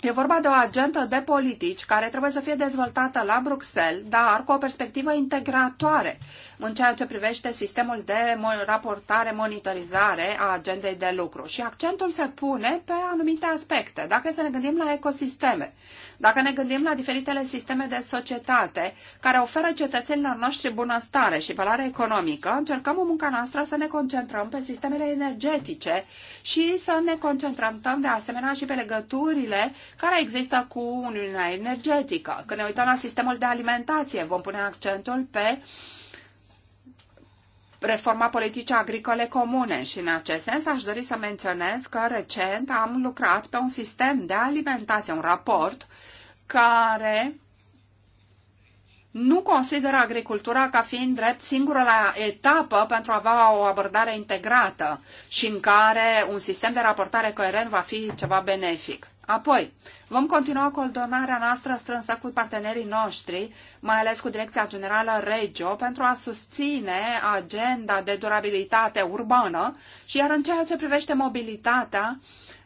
e vorba de o agentă de politici care trebuie să fie dezvoltată la Bruxelles, dar cu o perspectivă integratoare, în ceea ce privește sistemul de raportare, monitorizare a agendei de lucru. Și accentul se pune pe anumite aspecte. Dacă să ne gândim la ecosisteme, dacă ne gândim la diferitele sisteme de societate care oferă cetățenilor noștri bunăstare și valoare economică, încercăm în munca noastră să ne concentrăm pe sistemele energetice și să ne concentrăm de asemenea și pe legăturile care există cu Uniunea Energetică. Când ne uităm la sistemul de alimentație, vom pune accentul pe uh, reforma politicii agricole comune și în acest sens aș dori să menționez că recent am lucrat pe un sistem de alimentație, un raport care nu consideră agricultura ca fiind drept singura etapă pentru a avea o abordare integrată și în care un sistem de raportare coerent va fi ceva benefic. Apoi, vom continua coordonarea noastră strânsă cu partenerii noștri, mai ales cu Direcția Generală Regio, pentru a susține agenda de durabilitate urbană și iar în ceea ce privește mobilitatea,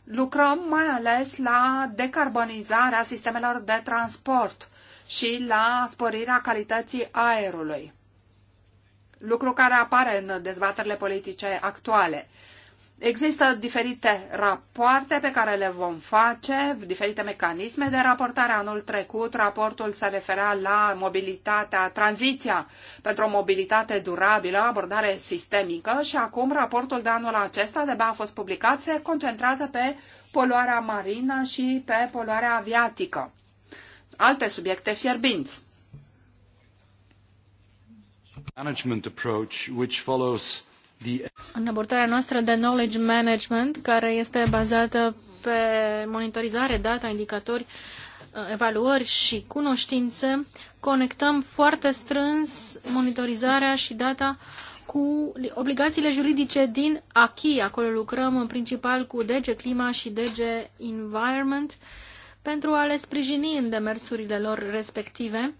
lucrăm mai ales la decarbonizarea sistemelor de transport și la sporirea calității aerului lucru care apare în dezbaterile politice actuale. Există diferite rapoarte pe care le vom face, diferite mecanisme de raportare. Anul trecut raportul se referea la mobilitatea, tranziția pentru o mobilitate durabilă, abordare sistemică și acum raportul de anul acesta, de a fost publicat, se concentrează pe poluarea marină și pe poluarea aviatică. Alte subiecte fierbinți. Management approach which follows în abordarea noastră de knowledge management, care este bazată pe monitorizare, data, indicatori, uh, evaluări și cunoștințe, conectăm foarte strâns monitorizarea și data cu obligațiile juridice din ACHI. Acolo lucrăm în principal cu DG Clima și DG Environment pentru a le sprijini în demersurile lor respective.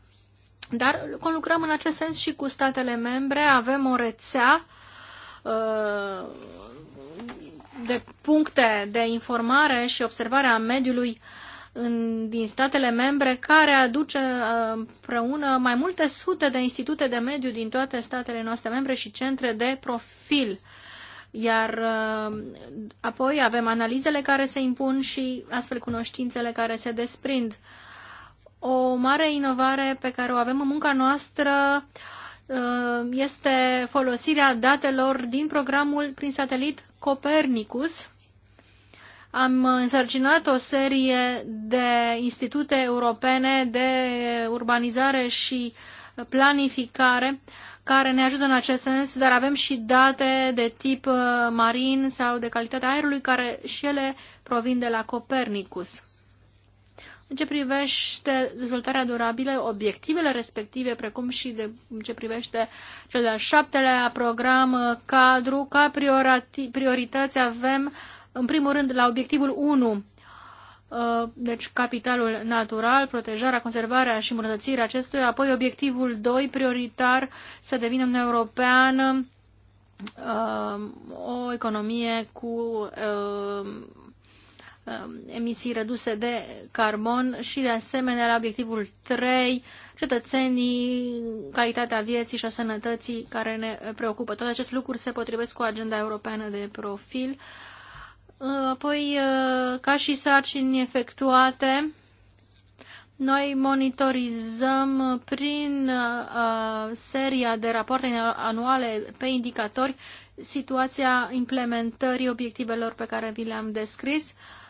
Dar conlucrăm în acest sens și cu statele membre, avem o rețea de puncte de informare și observare a mediului în, din statele membre, care aduce uh, împreună mai multe sute de institute de mediu din toate statele noastre membre și centre de profil. Iar uh, apoi avem analizele care se impun și astfel cunoștințele care se desprind. O mare inovare pe care o avem în munca noastră uh, Uh, este folosirea datelor din programul prin satelit Copernicus. Am însărcinat o serie de institute europene de urbanizare și planificare care ne ajută în acest sens, dar avem și date de tip uh, marin sau de calitatea aerului, care și ele provin de la Copernicus. În ce privește dezvoltarea durabilă, obiectivele respective, precum și de, în ce privește cel de-al șaptelea program uh, cadru, ca priorități avem, în primul rând, la obiectivul 1, uh, deci capitalul natural, protejarea, conservarea și îmbunătățirea acestuia, apoi obiectivul 2, prioritar, să devină Uniunea Europeană uh, o economie cu Um, emisii reduse de carbon și de asemenea la obiectivul 3, cetățenii, calitatea vieții și a sănătății care ne preocupă. Toate aceste lucruri se potrivesc cu agenda europeană de profil. Uh, apoi, uh, ca și sarcini efectuate, noi monitorizăm prin uh, seria de rapoarte anuale pe indicatori situația implementării obiectivelor pe care vi le-am descris. Uh,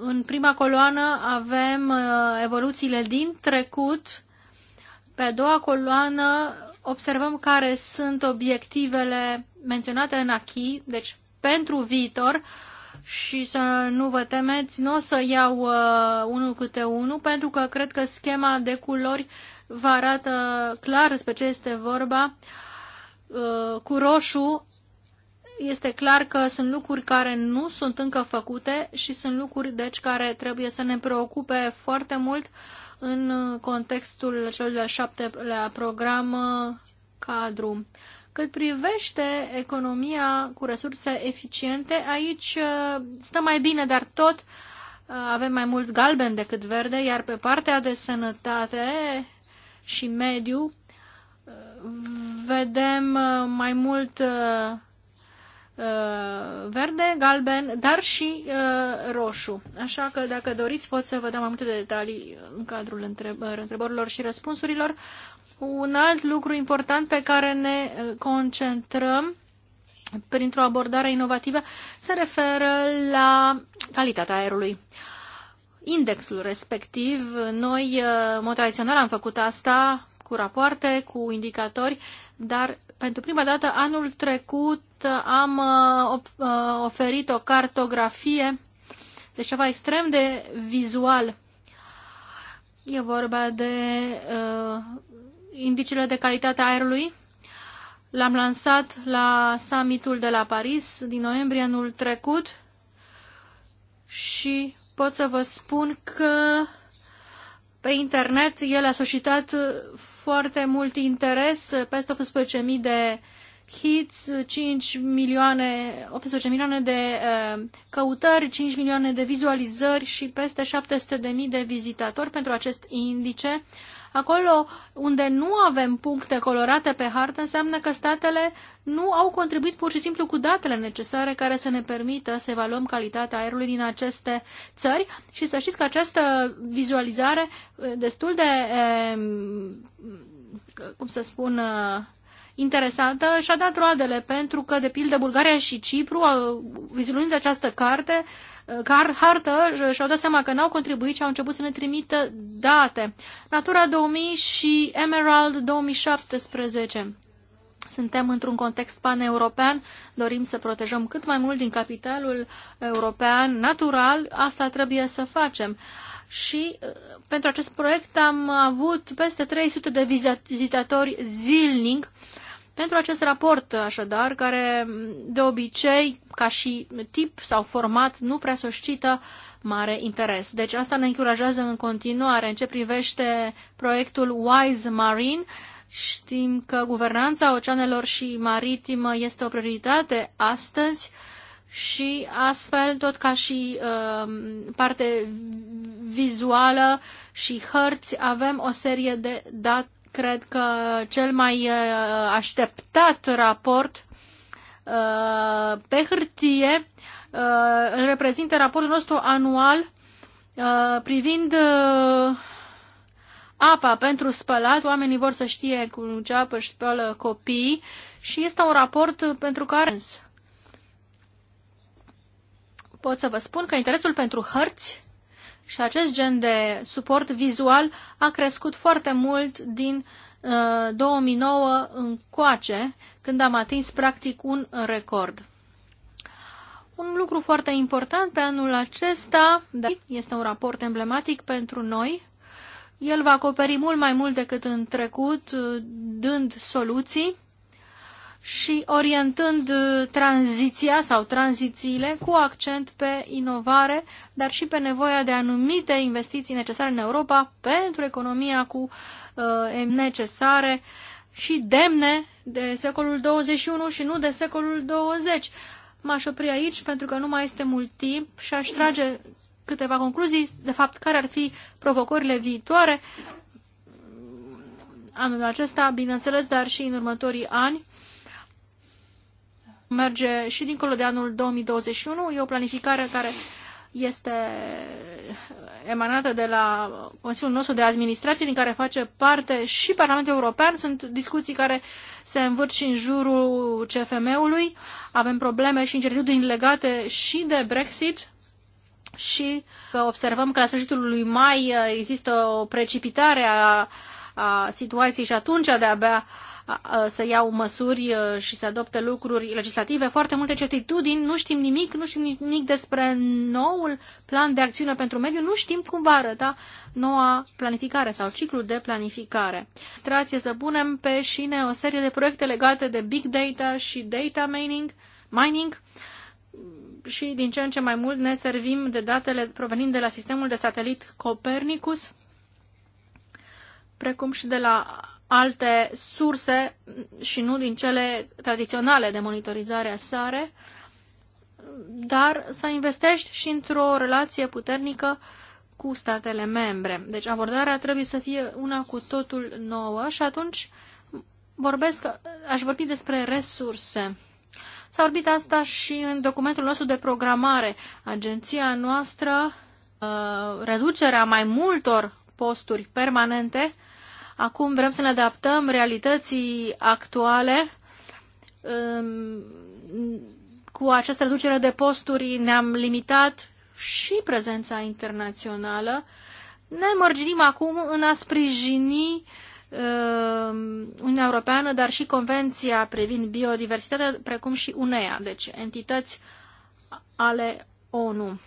în prima coloană avem uh, evoluțiile din trecut, pe a doua coloană observăm care sunt obiectivele menționate în achi, deci pentru viitor și să nu vă temeți, nu o să iau uh, unul câte unul, pentru că cred că schema de culori vă arată clar despre ce este vorba. Uh, cu roșu este clar că sunt lucruri care nu sunt încă făcute și sunt lucruri, deci, care trebuie să ne preocupe foarte mult în contextul celor de-al șaptelea program uh, cadru. Cât privește economia cu resurse eficiente, aici uh, stă mai bine, dar tot uh, avem mai mult galben decât verde, iar pe partea de sănătate și mediu vedem mai mult Uh, verde, galben, dar și uh, roșu. Așa că dacă doriți pot să vă dau mai multe detalii în cadrul uh, întrebărilor și răspunsurilor. Un alt lucru important pe care ne concentrăm printr-o abordare inovativă se referă la calitatea aerului indexul respectiv. Noi, în mod tradițional, am făcut asta cu rapoarte, cu indicatori, dar pentru prima dată anul trecut am uh, uh, oferit o cartografie, deci ceva extrem de vizual. E vorba de uh, indicele de calitate aerului. L-am lansat la summitul de la Paris din noiembrie anul trecut și pot să vă spun că pe internet el a suscitat foarte mult interes, peste 18.000 de hits, 5 milioane, 18 milioane de uh, căutări, 5 milioane de vizualizări și peste 700.000 de vizitatori pentru acest indice. Uh, Acolo unde nu avem puncte colorate pe hartă, înseamnă că statele nu au contribuit pur și simplu cu datele necesare care să ne permită să evaluăm calitatea aerului din aceste țări și să știți că această vizualizare eh, destul de, eh, cum să spun, eh, interesantă și-a dat roadele pentru că, de pildă, Bulgaria și Cipru, vizualizând această carte, car, hartă și-au dat seama că n-au contribuit și au început să ne trimită date. Natura 2000 și Emerald 2017. Suntem într-un context paneuropean, dorim să protejăm cât mai mult din capitalul european natural, asta trebuie să facem. Și uh, pentru acest proiect am avut peste 300 de vizitatori zilnic, uh, pentru acest raport, așadar, care de obicei, ca și tip sau format, nu prea suscită mare interes. Deci asta ne încurajează în continuare în ce privește proiectul Wise Marine. Știm că guvernanța oceanelor și maritimă este o prioritate astăzi și astfel, tot ca și uh, parte vizuală și hărți, avem o serie de date Cred că cel mai uh, așteptat raport uh, pe hârtie uh, îl reprezintă raportul nostru anual privind apa pentru spălat, oamenii vor să știe cu ce apă își spălă copiii și este un raport pentru care pot să vă spun că interesul pentru hărți și acest gen de suport vizual a crescut foarte mult din uh, 2009 încoace, când am atins practic un record. Un lucru foarte important pe anul acesta da, este un raport emblematic pentru noi. El va acoperi mult mai mult decât în trecut, uh, dând soluții și orientând uh, tranziția sau tranzițiile cu accent pe inovare, dar și pe nevoia de anumite investiții necesare în Europa pentru economia cu uh, necesare și demne de secolul 21 și nu de secolul 20. M-aș opri aici pentru că nu mai este mult timp și aș trage câteva concluzii, de fapt, care ar fi provocările viitoare anul acesta, bineînțeles, dar și în următorii ani merge și dincolo de anul 2021. E o planificare care este emanată de la Consiliul nostru de administrație, din care face parte și Parlamentul European. Sunt discuții care se învârt și în jurul CFM-ului. Avem probleme și incertitudini legate și de Brexit și că observăm că la sfârșitul lui mai uh, există o precipitare a, a situației și atunci de-abia să iau măsuri și să adopte lucruri legislative, foarte multe certitudini, nu știm nimic, nu știm nimic despre noul plan de acțiune pentru mediu, nu știm cum va arăta noua planificare sau ciclul de planificare. Strație să punem pe șine o serie de proiecte legate de big data și data mining, mining și din ce în ce mai mult ne servim de datele provenind de la sistemul de satelit Copernicus, precum și de la alte surse și nu din cele tradiționale de monitorizare a sare, dar să investești și într-o relație puternică cu statele membre. Deci abordarea trebuie să fie una cu totul nouă și atunci vorbesc, aș vorbi despre resurse. S-a vorbit asta și în documentul nostru de programare. Agenția noastră, uh, reducerea mai multor posturi permanente, Acum vrem să ne adaptăm realității actuale um, cu această reducere de posturi ne-am limitat și prezența internațională. Ne mărginim acum în a sprijini um, Uniunea Europeană, dar și Convenția privind biodiversitatea, precum și UNEA, deci entități ale ONU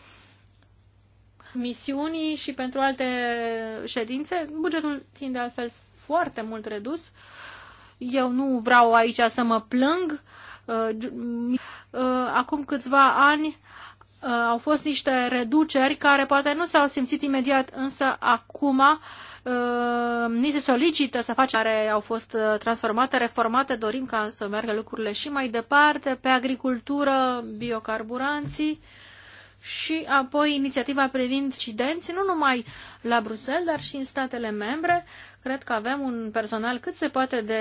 misiunii și pentru alte ședințe. Bugetul fiind de altfel foarte mult redus. Eu nu vreau aici să mă plâng. Uh, uh, acum câțiva ani uh, au fost niște reduceri care poate nu s-au simțit imediat, însă acum ni se solicită să facem care au fost transformate, reformate, dorim ca să meargă lucrurile și mai departe, pe agricultură, biocarburanții, și apoi inițiativa privind cidenți, nu numai la Bruxelles, dar și în statele membre. Cred că avem un personal cât se poate de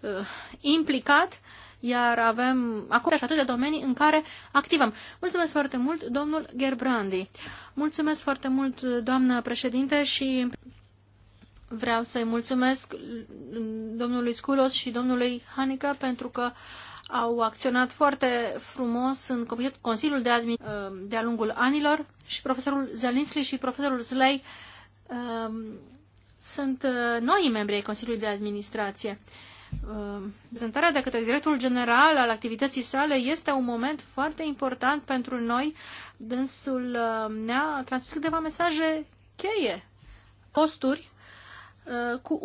uh, implicat, iar avem acum și atât de domenii în care activăm. Mulțumesc foarte mult, domnul Gerbrandi. Mulțumesc foarte mult, doamnă președinte, și vreau să-i mulțumesc domnului Sculos și domnului Hanica pentru că uh, au acționat foarte frumos în Consiliul de Admin uh, de-a lungul anilor și profesorul Zelinski și profesorul Zlei um, sunt uh, noi membri ai Consiliului de Administrație. Prezentarea de către directorul general al activității sale este un moment foarte important pentru noi. Dânsul ne-a transmis câteva mesaje cheie, posturi cu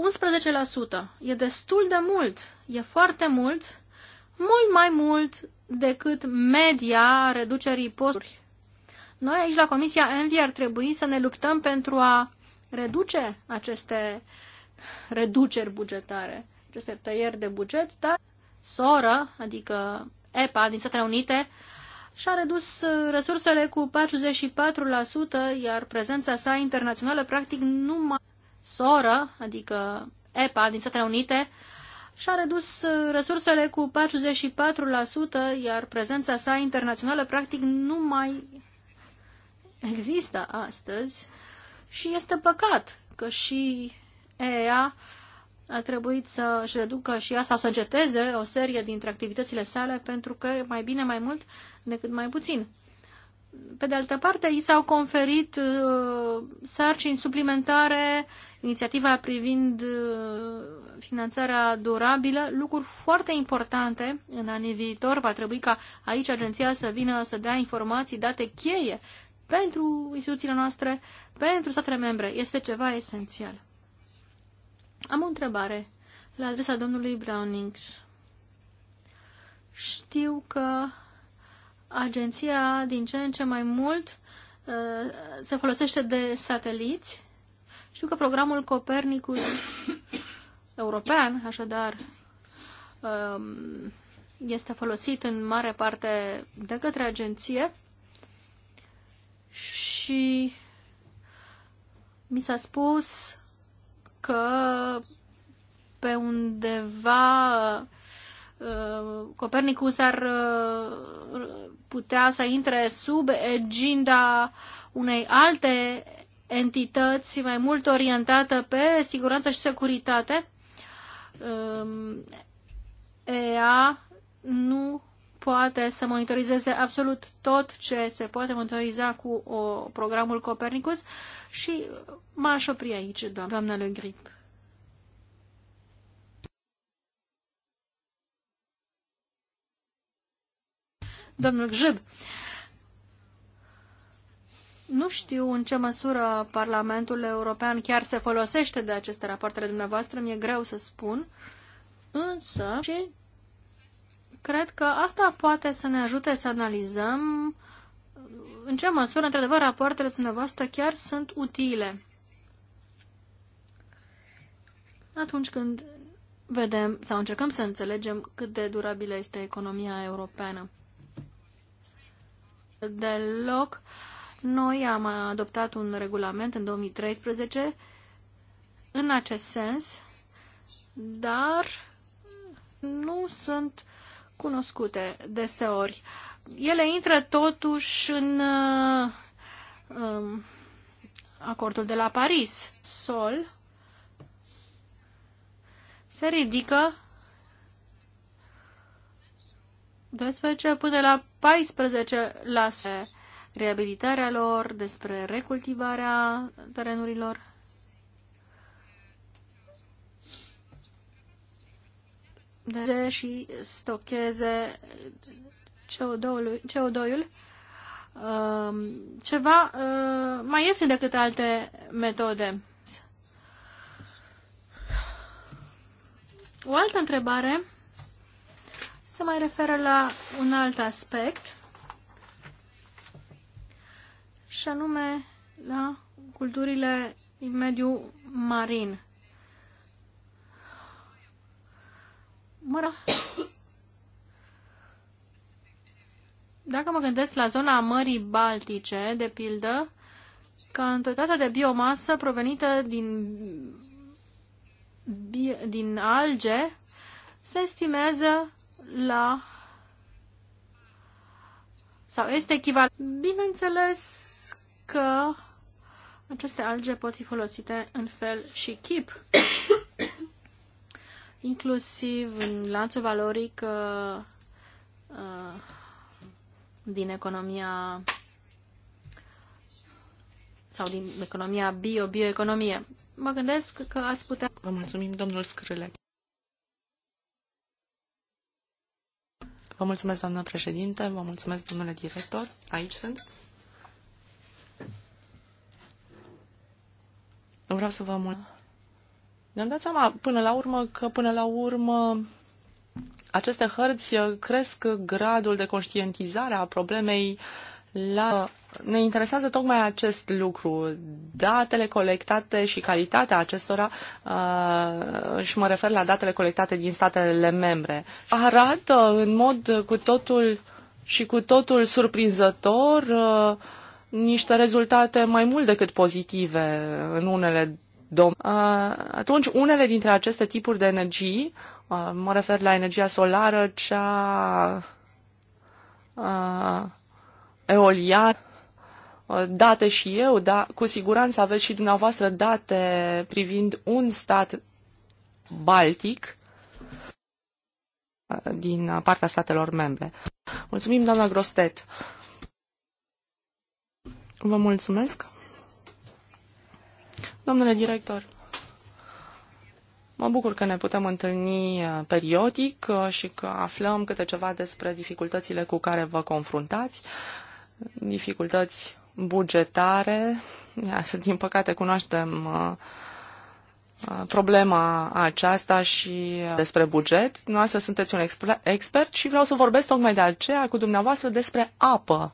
11%. E destul de mult, e foarte mult mult mai mult decât media reducerii posturi. Noi aici la Comisia Envi ar trebui să ne luptăm pentru a reduce aceste reduceri bugetare, aceste tăieri de buget, dar soră, adică EPA din Statele Unite, și-a redus resursele cu 44%, iar prezența sa internațională practic nu mai soră, adică EPA din Statele Unite, și-a redus uh, resursele cu 44%, iar prezența sa internațională practic nu mai există astăzi și este păcat că și EEA a trebuit să-și reducă și ea sau să înceteze o serie dintre activitățile sale pentru că mai bine mai mult decât mai puțin pe de altă parte, i s-au conferit uh, sarcini suplimentare, inițiativa privind uh, finanțarea durabilă, lucruri foarte importante în anii viitor. Va trebui ca aici agenția să vină să dea informații, date cheie pentru instituțiile noastre, pentru statele membre. Este ceva esențial. Am o întrebare la adresa domnului Brownings. Știu că agenția din ce în ce mai mult uh, se folosește de sateliți. Știu că programul Copernicus european, așadar, um, este folosit în mare parte de către agenție și mi s-a spus că pe undeva Uh, Copernicus ar uh, putea să intre sub eginda unei alte entități mai mult orientată pe siguranță și securitate. Um, EA nu poate să monitorizeze absolut tot ce se poate monitoriza cu o, programul Copernicus și m-aș opri aici, doamna Le Grip. domnul Gjib. Nu știu în ce măsură Parlamentul European chiar se folosește de aceste rapoartele dumneavoastră, mi-e greu să spun, însă și cred că asta poate să ne ajute să analizăm în ce măsură, într-adevăr, rapoartele dumneavoastră chiar sunt utile. Atunci când vedem sau încercăm să înțelegem cât de durabilă este economia europeană deloc. Noi am adoptat un regulament în 2013 în acest sens, dar nu sunt cunoscute deseori. Ele intră totuși în uh, um, acordul de la Paris. Sol se ridică 12 până la 14% reabilitarea lor, despre recultivarea terenurilor. De și stocheze CO2-ul, CO2 um, ceva uh, mai ieftin decât alte metode. O altă întrebare se mai referă la un alt aspect, și anume la culturile din mediul marin. Mă rog. Dacă mă gândesc la zona Mării Baltice, de pildă, cantitatea de biomasă provenită din, din alge se estimează la sau este echivalent. Bineînțeles că aceste alge pot fi folosite în fel și chip, inclusiv în lanțul valoric uh, uh din economia sau din economia bio, bioeconomie. Mă gândesc că ați putea... Vă mulțumim, domnul Scrâlec. Vă mulțumesc, doamnă președinte, vă mulțumesc, domnule director. Aici sunt. Vreau să vă mulțumesc. Ne-am dat seama până la urmă că până la urmă aceste hărți cresc gradul de conștientizare a problemei uh, la... Ne interesează tocmai acest lucru, datele colectate și calitatea acestora, uh, și mă refer la datele colectate din statele membre. Arată în mod cu totul și cu totul surprinzător uh, niște rezultate mai mult decât pozitive în unele domenii. Uh, atunci, unele dintre aceste tipuri de energii, uh, mă refer la energia solară, cea uh, Eolia, uh, date și eu, dar cu siguranță aveți și dumneavoastră date privind un stat baltic uh, din partea statelor membre. Mulțumim, doamna Grostet. Vă mulțumesc. Domnule director, mă bucur că ne putem întâlni uh, periodic și că aflăm câte ceva despre dificultățile cu care vă confruntați dificultăți bugetare. Din păcate cunoaștem uh, uh, problema aceasta și uh, despre buget. Noastră sunteți un exper expert și vreau să vorbesc tocmai de aceea cu dumneavoastră despre apă.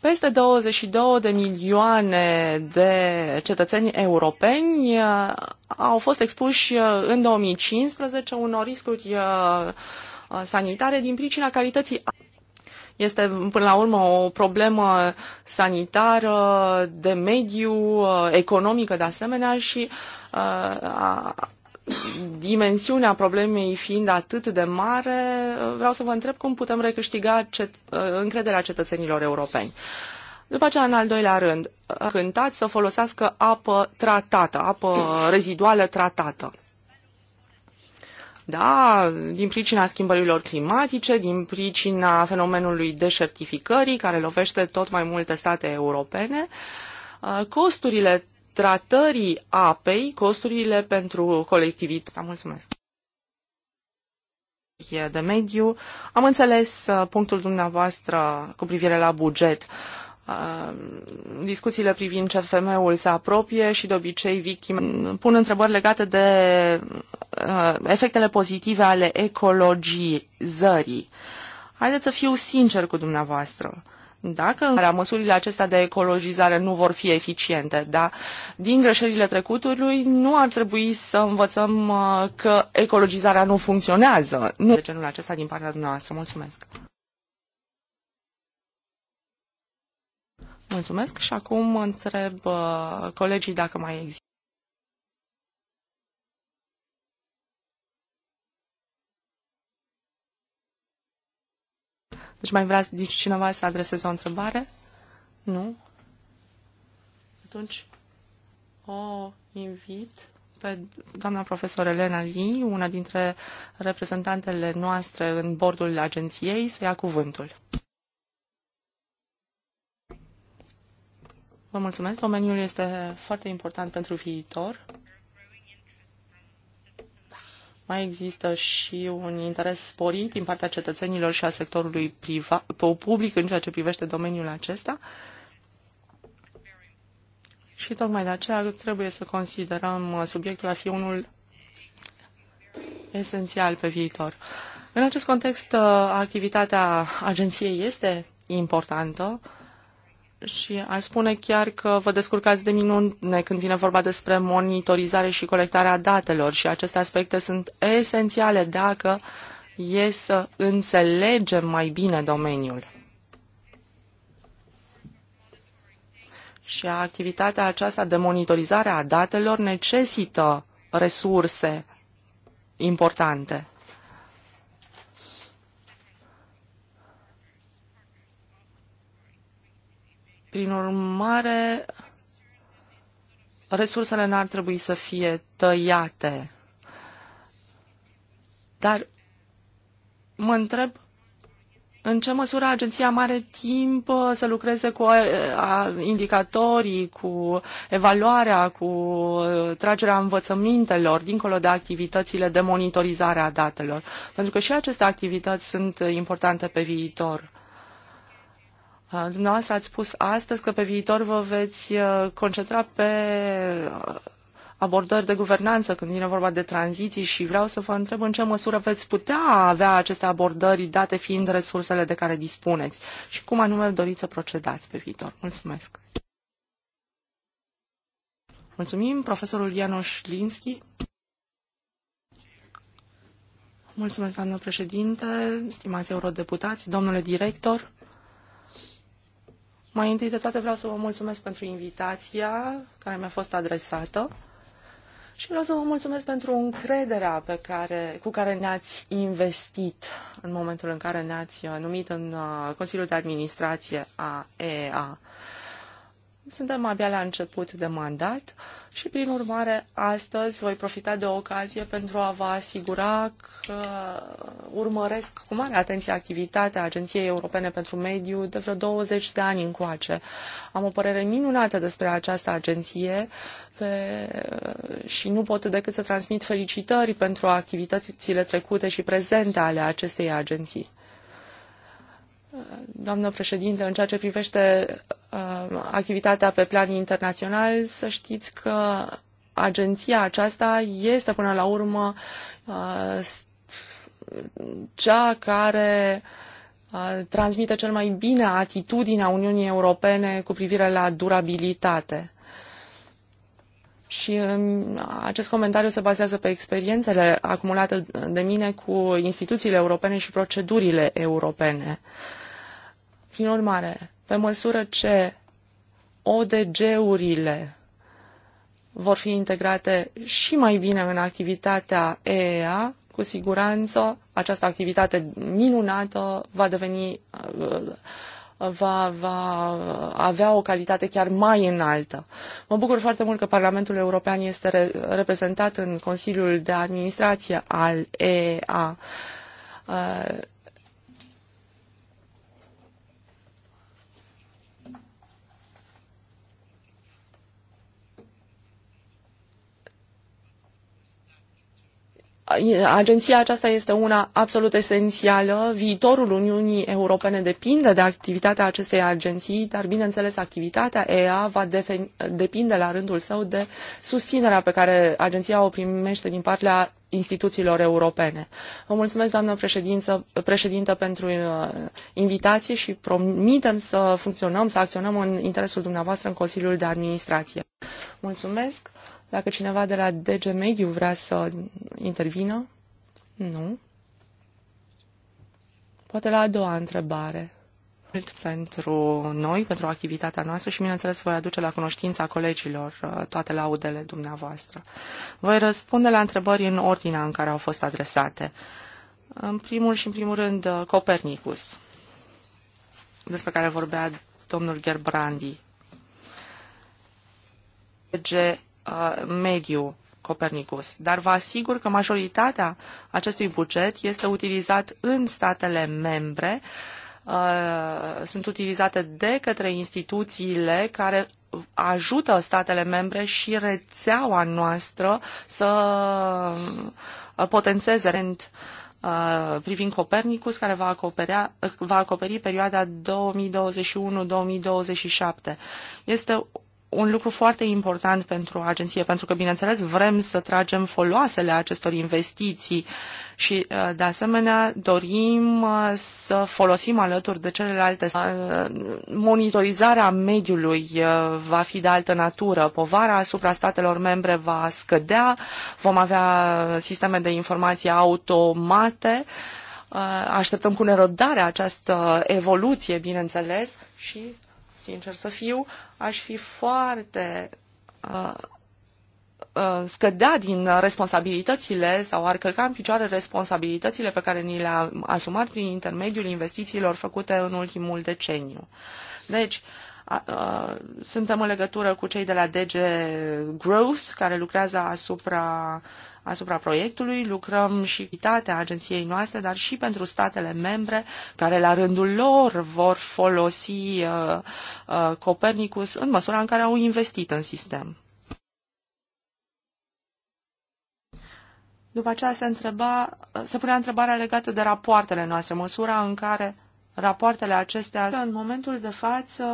Peste 22 de milioane de cetățeni europeni au fost expuși în 2015 unor riscuri sanitare din pricina calității apei este până la urmă o problemă sanitară, de mediu, uh, economică de asemenea și uh, a, dimensiunea problemei fiind atât de mare, uh, vreau să vă întreb cum putem recâștiga cet- încrederea cetățenilor europeni. După aceea, în al doilea rând, cântați să folosească apă tratată, apă reziduală tratată da, din pricina schimbărilor climatice, din pricina fenomenului deșertificării care lovește tot mai multe state europene, uh, costurile tratării apei, costurile pentru colectivitate. Da, mulțumesc! de mediu. Am înțeles uh, punctul dumneavoastră cu privire la buget uh, discuțiile privind CFM-ul se apropie și de obicei victime pun întrebări legate de Uh, efectele pozitive ale ecologizării. Haideți să fiu sincer cu dumneavoastră. Dacă măsurile acestea de ecologizare nu vor fi eficiente, dar din greșelile trecutului nu ar trebui să învățăm uh, că ecologizarea nu funcționează. Nu de genul acesta din partea dumneavoastră. Mulțumesc. Mulțumesc și acum întreb uh, colegii dacă mai există. Deci mai vrea cineva să adreseze o întrebare? Nu? Atunci o invit pe doamna profesor Elena Li, una dintre reprezentantele noastre în bordul agenției, să ia cuvântul. Vă mulțumesc. Domeniul este foarte important pentru viitor mai există și un interes sporit din partea cetățenilor și a sectorului privat, public în ceea ce privește domeniul acesta. Și tocmai de aceea trebuie să considerăm uh, subiectul a fi unul esențial pe viitor. În acest context, uh, activitatea agenției este importantă și aș spune chiar că vă descurcați de minune când vine vorba despre monitorizare și colectarea datelor și aceste aspecte sunt esențiale dacă e să înțelegem mai bine domeniul. Și activitatea aceasta de monitorizare a datelor necesită resurse importante. Prin urmare, resursele n-ar trebui să fie tăiate. Dar mă întreb în ce măsură agenția are timp uh, să lucreze cu uh, indicatorii, cu evaluarea, cu uh, tragerea învățămintelor, dincolo de activitățile de monitorizare a datelor? Pentru că și aceste activități sunt importante pe viitor. Uh, dumneavoastră ați spus astăzi că pe viitor vă veți uh, concentra pe uh, abordări de guvernanță când vine vorba de tranziții și vreau să vă întreb în ce măsură veți putea avea aceste abordări date fiind resursele de care dispuneți și cum anume doriți să procedați pe viitor. Mulțumesc! Mulțumim, profesorul Ianoș Linski. Mulțumesc, doamnă președinte, stimați eurodeputați, domnule director. Mai întâi de toate vreau să vă mulțumesc pentru invitația care mi-a fost adresată și vreau să vă mulțumesc pentru încrederea pe care, cu care ne-ați investit în momentul în care ne-ați numit în uh, Consiliul de Administrație a EEA. Suntem abia la început de mandat și, prin urmare, astăzi voi profita de ocazie pentru a vă asigura că urmăresc cu mare atenție activitatea Agenției Europene pentru Mediu de vreo 20 de ani încoace. Am o părere minunată despre această agenție pe... și nu pot decât să transmit felicitări pentru activitățile trecute și prezente ale acestei agenții doamnă președinte, în ceea ce privește uh, activitatea pe plan internațional, să știți că agenția aceasta este până la urmă uh, cea care uh, transmite cel mai bine atitudinea Uniunii Europene cu privire la durabilitate. Și um, acest comentariu se bazează pe experiențele acumulate de mine cu instituțiile europene și procedurile europene. Uh, prin urmare, pe măsură ce ODG-urile vor fi integrate și mai bine în activitatea EEA, cu siguranță această activitate minunată va deveni va, va avea o calitate chiar mai înaltă. Mă bucur foarte mult că Parlamentul European este re- reprezentat în Consiliul de Administrație al EEA. Agenția aceasta este una absolut esențială. Viitorul Uniunii Europene depinde de activitatea acestei agenții, dar, bineînțeles, activitatea EA va depinde la rândul său de susținerea pe care agenția o primește din partea instituțiilor europene. Vă mulțumesc, doamnă președință, președintă, pentru uh, invitație și promitem să funcționăm, să acționăm în interesul dumneavoastră în Consiliul de Administrație. Mulțumesc! Dacă cineva de la DG Mediu vrea să intervină? Nu. Poate la a doua întrebare. Mult pentru noi, pentru activitatea noastră și, bineînțeles, voi aduce la cunoștința colegilor uh, toate laudele dumneavoastră. Voi răspunde la întrebări în ordinea în care au fost adresate. În primul și în primul rând, uh, Copernicus, despre care vorbea domnul Gerbrandi. Uh, mediu Copernicus, dar vă asigur că majoritatea acestui buget este utilizat în statele membre, uh, sunt utilizate de către instituțiile care ajută statele membre și rețeaua noastră să uh, potențeze rent uh, privind Copernicus, care va, acoperea, va acoperi perioada 2021-2027. Este un lucru foarte important pentru agenție, pentru că, bineînțeles, vrem să tragem foloasele acestor investiții și, uh, de asemenea, dorim uh, să folosim alături de celelalte. Uh, monitorizarea mediului va fi de altă natură. Povara asupra statelor membre va scădea, vom avea sisteme de informație automate, așteptăm cu nerăbdare această evoluție, bineînțeles, și sincer să fiu, aș fi foarte uh, uh, scădea din responsabilitățile sau ar călca în picioare responsabilitățile pe care ni le-am asumat prin intermediul investițiilor făcute în ultimul deceniu. Deci, uh, suntem în legătură cu cei de la DG Growth, care lucrează asupra uh, asupra proiectului, lucrăm și itatea agenției noastre, dar și pentru statele membre care la rândul lor vor folosi uh, uh, Copernicus în măsura în care au investit în sistem. După aceea se, întreba, se punea întrebarea legată de rapoartele noastre, măsura în care rapoartele acestea, în momentul de față,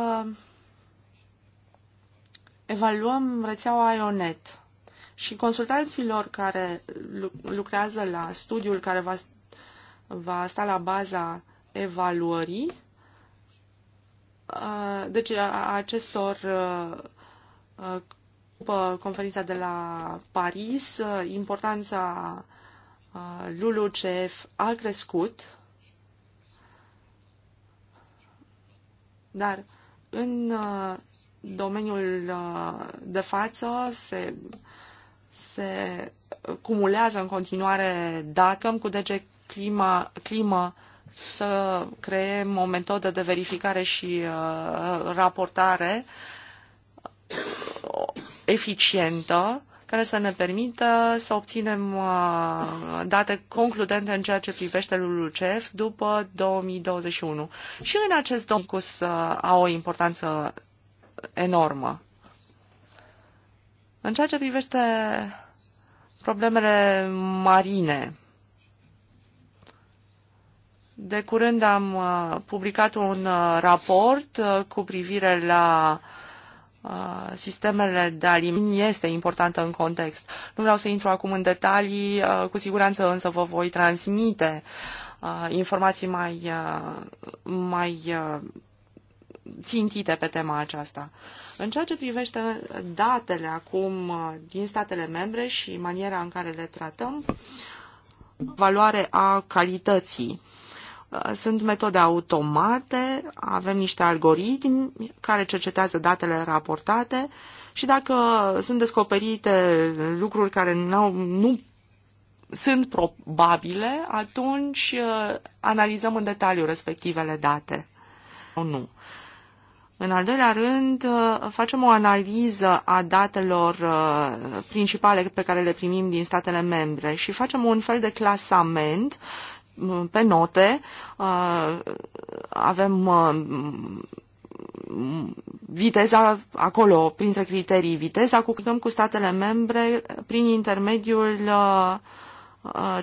evaluăm rețeaua IONET și consultanților care lucrează la studiul care va, va sta la baza evaluării, deci acestor după conferința de la Paris, importanța LULUCF a crescut, dar în domeniul de față se se cumulează în continuare dacă cu DG Clima, Clima să creem o metodă de verificare și uh, raportare uh, eficientă care să ne permită să obținem uh, date concludente în ceea ce privește LULUCF după 2021. Și în acest domn uh, au o importanță enormă. În ceea ce privește problemele marine, de curând am uh, publicat un uh, raport uh, cu privire la sistemele de alimentare este importantă în context. Nu vreau să intru acum în detalii, cu siguranță însă vă voi transmite informații mai, mai țintite pe tema aceasta. În ceea ce privește datele acum uh, din statele membre și maniera în care le tratăm, valoare a calității. Uh, sunt metode automate, avem niște algoritmi care cercetează datele raportate și dacă sunt descoperite lucruri care n-au, nu sunt probabile, atunci uh, analizăm în detaliu respectivele date. Nu. În al doilea rând, uh, facem o analiză a datelor uh, principale pe care le primim din statele membre și facem un fel de clasament uh, pe note. Avem viteza acolo, printre criterii viteza, cu cu statele membre prin intermediul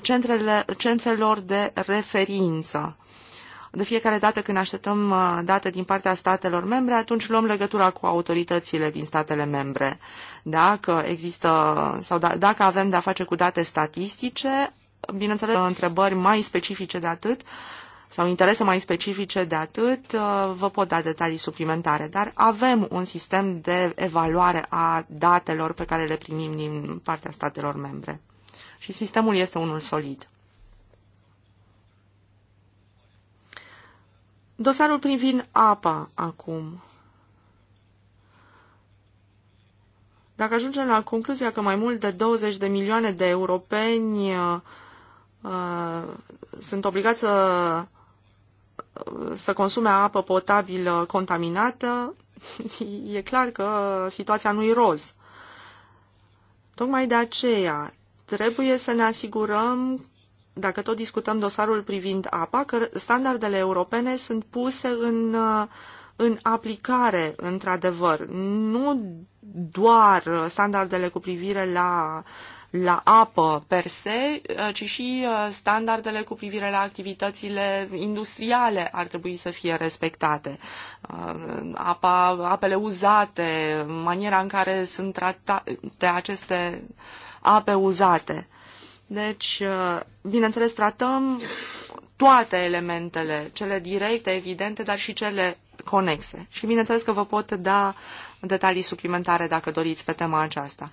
centrele, centrelor de referință de fiecare dată când așteptăm uh, date din partea statelor membre, atunci luăm legătura cu autoritățile din statele membre. Dacă există sau da, dacă avem de-a face cu date statistice, bineînțeles, întrebări mai specifice de atât sau interese mai specifice de atât, uh, vă pot da detalii suplimentare, dar avem un sistem de evaluare a datelor pe care le primim din partea statelor membre. Și sistemul este unul solid. Dosarul privind apa acum. Dacă ajungem la concluzia că mai mult de 20 de milioane de europeni uh, uh, sunt obligați să, să consume apă potabilă contaminată, <laughs> e clar că situația nu-i roz. Tocmai de aceea trebuie să ne asigurăm dacă tot discutăm dosarul privind apa, că standardele europene sunt puse în, uh, în aplicare, într-adevăr. Nu doar standardele cu privire la, la apă per se, uh, ci și uh, standardele cu privire la activitățile industriale ar trebui să fie respectate. Apa, apele uzate, maniera în care sunt tratate aceste ape uzate. Deci, uh, bineînțeles, tratăm toate elementele, cele directe, evidente, dar și cele conexe. Și bineînțeles că vă pot da detalii suplimentare dacă doriți pe tema aceasta.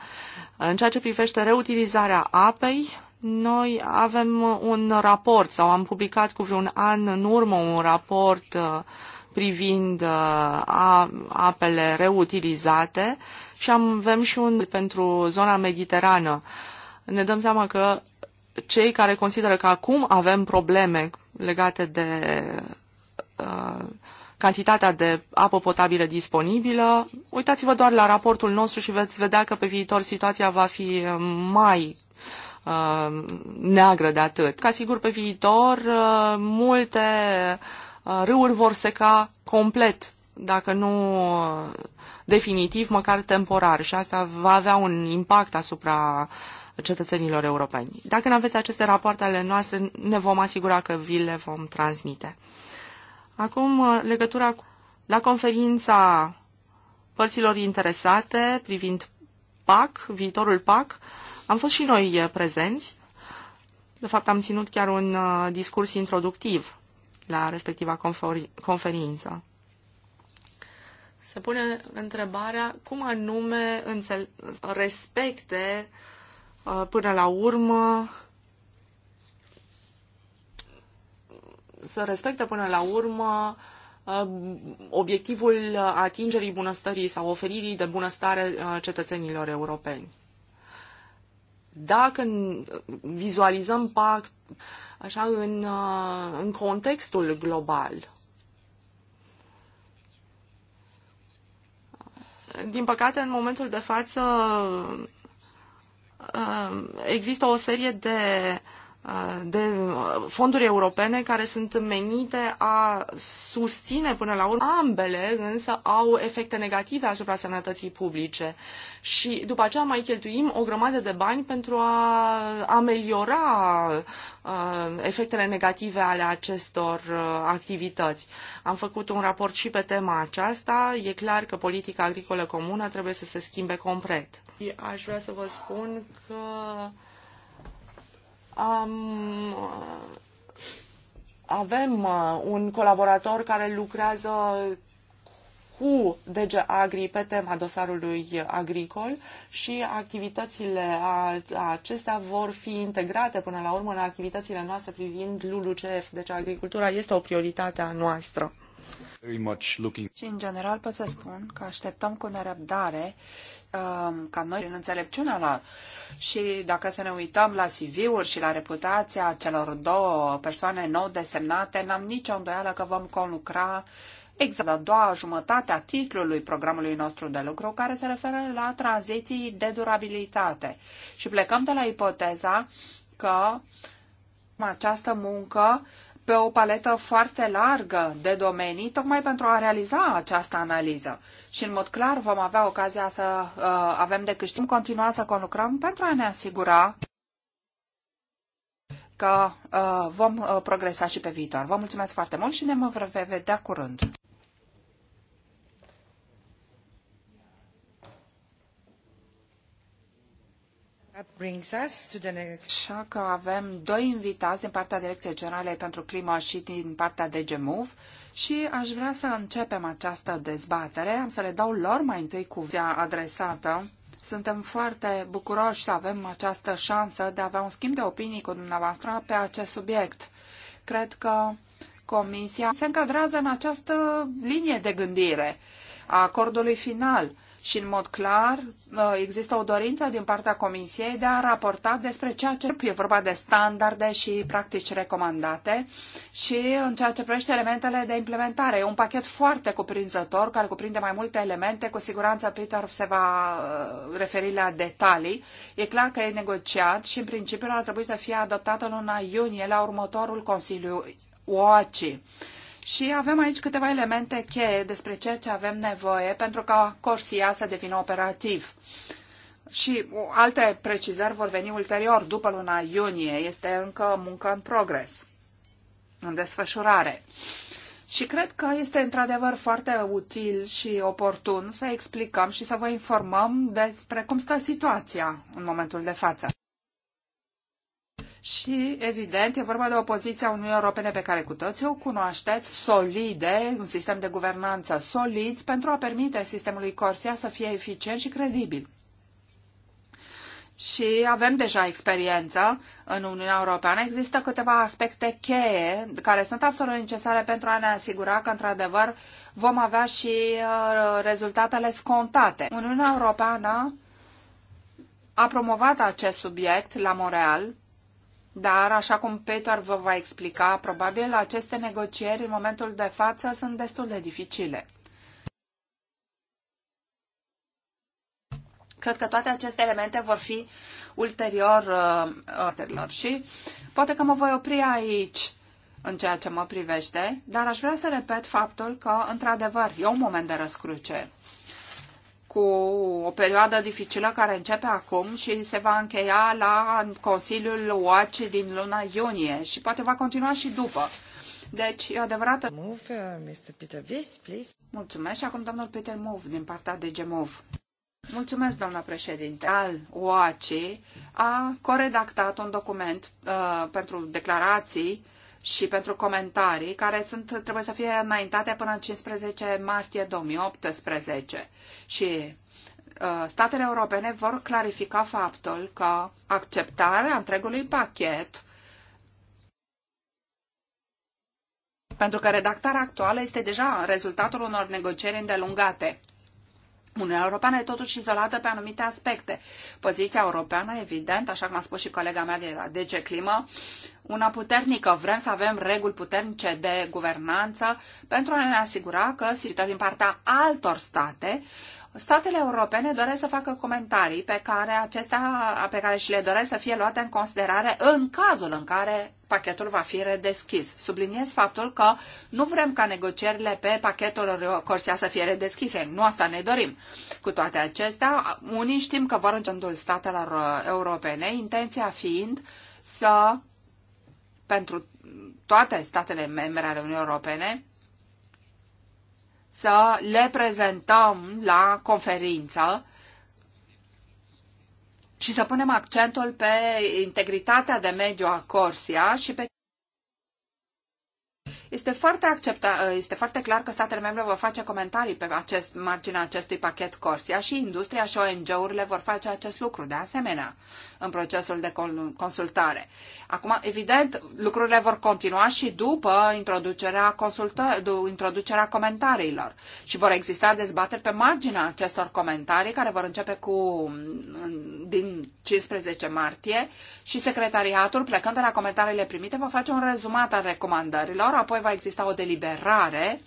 În ceea ce privește reutilizarea apei, noi avem un raport sau am publicat cu vreun an în urmă un raport uh, privind uh, apele reutilizate și avem și un pentru zona mediterană ne dăm seama că cei care consideră că acum avem probleme legate de uh, cantitatea de apă potabilă disponibilă, uitați-vă doar la raportul nostru și veți vedea că pe viitor situația va fi mai uh, neagră de atât. Ca sigur pe viitor, uh, multe uh, râuri vor seca complet, dacă nu uh, definitiv, măcar temporar. Și asta va avea un impact asupra uh, cetățenilor europeni. Dacă nu aveți aceste rapoarte ale noastre, ne vom asigura că vi le vom transmite. Acum, uh, legătura cu... la conferința părților interesate privind PAC, viitorul PAC, am fost și noi uh, prezenți. De fapt, am ținut chiar un uh, discurs introductiv la respectiva conferință. Se pune întrebarea cum anume înțel- respecte uh, Uh, până la urmă să respecte până la urmă uh, obiectivul atingerii bunăstării sau oferirii de bunăstare uh, cetățenilor europeni. Dacă vizualizăm pact așa în, în contextul global, din păcate, în momentul de față, Um, există o serie de de fonduri europene care sunt menite a susține până la urmă. Ambele însă au efecte negative asupra sănătății publice și după aceea mai cheltuim o grămadă de bani pentru a ameliora efectele negative ale acestor activități. Am făcut un raport și pe tema aceasta. E clar că politica agricolă comună trebuie să se schimbe complet. Aș vrea să vă spun că Um, avem uh, un colaborator care lucrează cu DG Agri pe tema dosarului agricol și activitățile acestea vor fi integrate până la urmă în activitățile noastre privind LULUCF. Deci agricultura este o prioritate a noastră. Și în general pot să spun că așteptăm cu nerăbdare um, ca noi în înțelepciunea la și dacă să ne uităm la CV-uri și la reputația celor două persoane nou desemnate, n-am nicio îndoială că vom conlucra exact la doua jumătate a titlului programului nostru de lucru care se referă la tranziții de durabilitate. Și plecăm de la ipoteza că această muncă uh, pe o paletă foarte largă de domenii, tocmai pentru a realiza această analiză. Și în mod clar vom avea ocazia să uh, avem de câștig, continua să conlucrăm pentru a ne asigura că uh, vom uh, progresa și pe viitor. Vă mulțumesc foarte mult și ne vom vedea curând. Așa că avem doi invitați din partea Direcției Generale pentru Climă și din partea de MOV și aș vrea să începem această dezbatere. Am să le dau lor mai întâi cuvântul adresată. Suntem foarte bucuroși să avem această șansă de a avea un schimb de opinii cu dumneavoastră pe acest subiect. Cred că Comisia se încadrează în această linie de gândire a acordului final și în mod clar uh, există o dorință din partea Comisiei de a raporta despre ceea ce e vorba de standarde și practici recomandate și în ceea ce privește elementele de implementare. E un pachet foarte cuprinzător care cuprinde mai multe elemente. Cu siguranță Peter se va uh, referi la detalii. E clar că e negociat și în principiu ar trebui să fie adoptat în luna iunie la următorul Consiliu OACI. Și avem aici câteva elemente cheie despre ceea ce avem nevoie pentru ca Corsia să devină operativ. Și alte precizări vor veni ulterior, după luna iunie. Este încă muncă în progres, în desfășurare. Și cred că este într-adevăr foarte util și oportun să explicăm și să vă informăm despre cum stă situația în momentul de față. Și, evident, e vorba de o poziție a Uniunii Europene pe care cu toții o cunoașteți, solide, un sistem de guvernanță solid, pentru a permite sistemului Corsia să fie eficient și credibil. Și avem deja experiență în Uniunea Europeană. Există câteva aspecte cheie care sunt absolut necesare pentru a ne asigura că, într-adevăr, vom avea și uh, rezultatele scontate. Uniunea Europeană a promovat acest subiect la Montreal dar, așa cum Peter vă va explica, probabil aceste negocieri în momentul de față sunt destul de dificile. Cred că toate aceste elemente vor fi ulterior uh, și poate că mă voi opri aici în ceea ce mă privește, dar aș vrea să repet faptul că, într-adevăr, e un moment de răscruce cu o perioadă dificilă care începe acum și se va încheia la Consiliul OAC din luna iunie și poate va continua și după. Deci, e adevărată... Move, uh, Mr. Peter Vies, please. Mulțumesc și acum domnul Peter Mov din partea de Gemov. Mulțumesc, doamna președinte. Al OAC a coredactat un document uh, pentru declarații și pentru comentarii, care sunt, trebuie să fie înaintate până în 15 martie 2018. Și uh, statele europene vor clarifica faptul că acceptarea întregului pachet pentru că redactarea actuală este deja rezultatul unor negocieri îndelungate Uniunea Europeană e totuși izolată pe anumite aspecte. Poziția europeană, evident, așa cum a spus și colega mea de la DG Climă, una puternică. Vrem să avem reguli puternice de guvernanță pentru a ne asigura că solicitări din partea altor state uh, Statele europene doresc să facă comentarii pe care, acestea, pe care și le doresc să fie luate în considerare în cazul în care pachetul va fi redeschis. Subliniez faptul că nu vrem ca negocierile pe pachetul Corsia să fie redeschise. Nu asta ne dorim. Cu toate acestea, unii știm că vor în statelor europene, intenția fiind să, pentru toate statele membre ale Uniunii Europene, să le prezentăm la conferință și să punem accentul pe integritatea de mediu a Corsia și pe este foarte, accepta, este foarte clar că statele membre vor face comentarii pe acest, marginea acestui pachet Corsia și industria și ONG-urile vor face acest lucru de asemenea în procesul de consultare. Acum, evident, lucrurile vor continua și după introducerea, consultă, introducerea comentariilor și vor exista dezbateri pe marginea acestor comentarii care vor începe cu din 15 martie și secretariatul, plecând de la comentariile primite, va face un rezumat al recomandărilor lor, apoi va exista o deliberare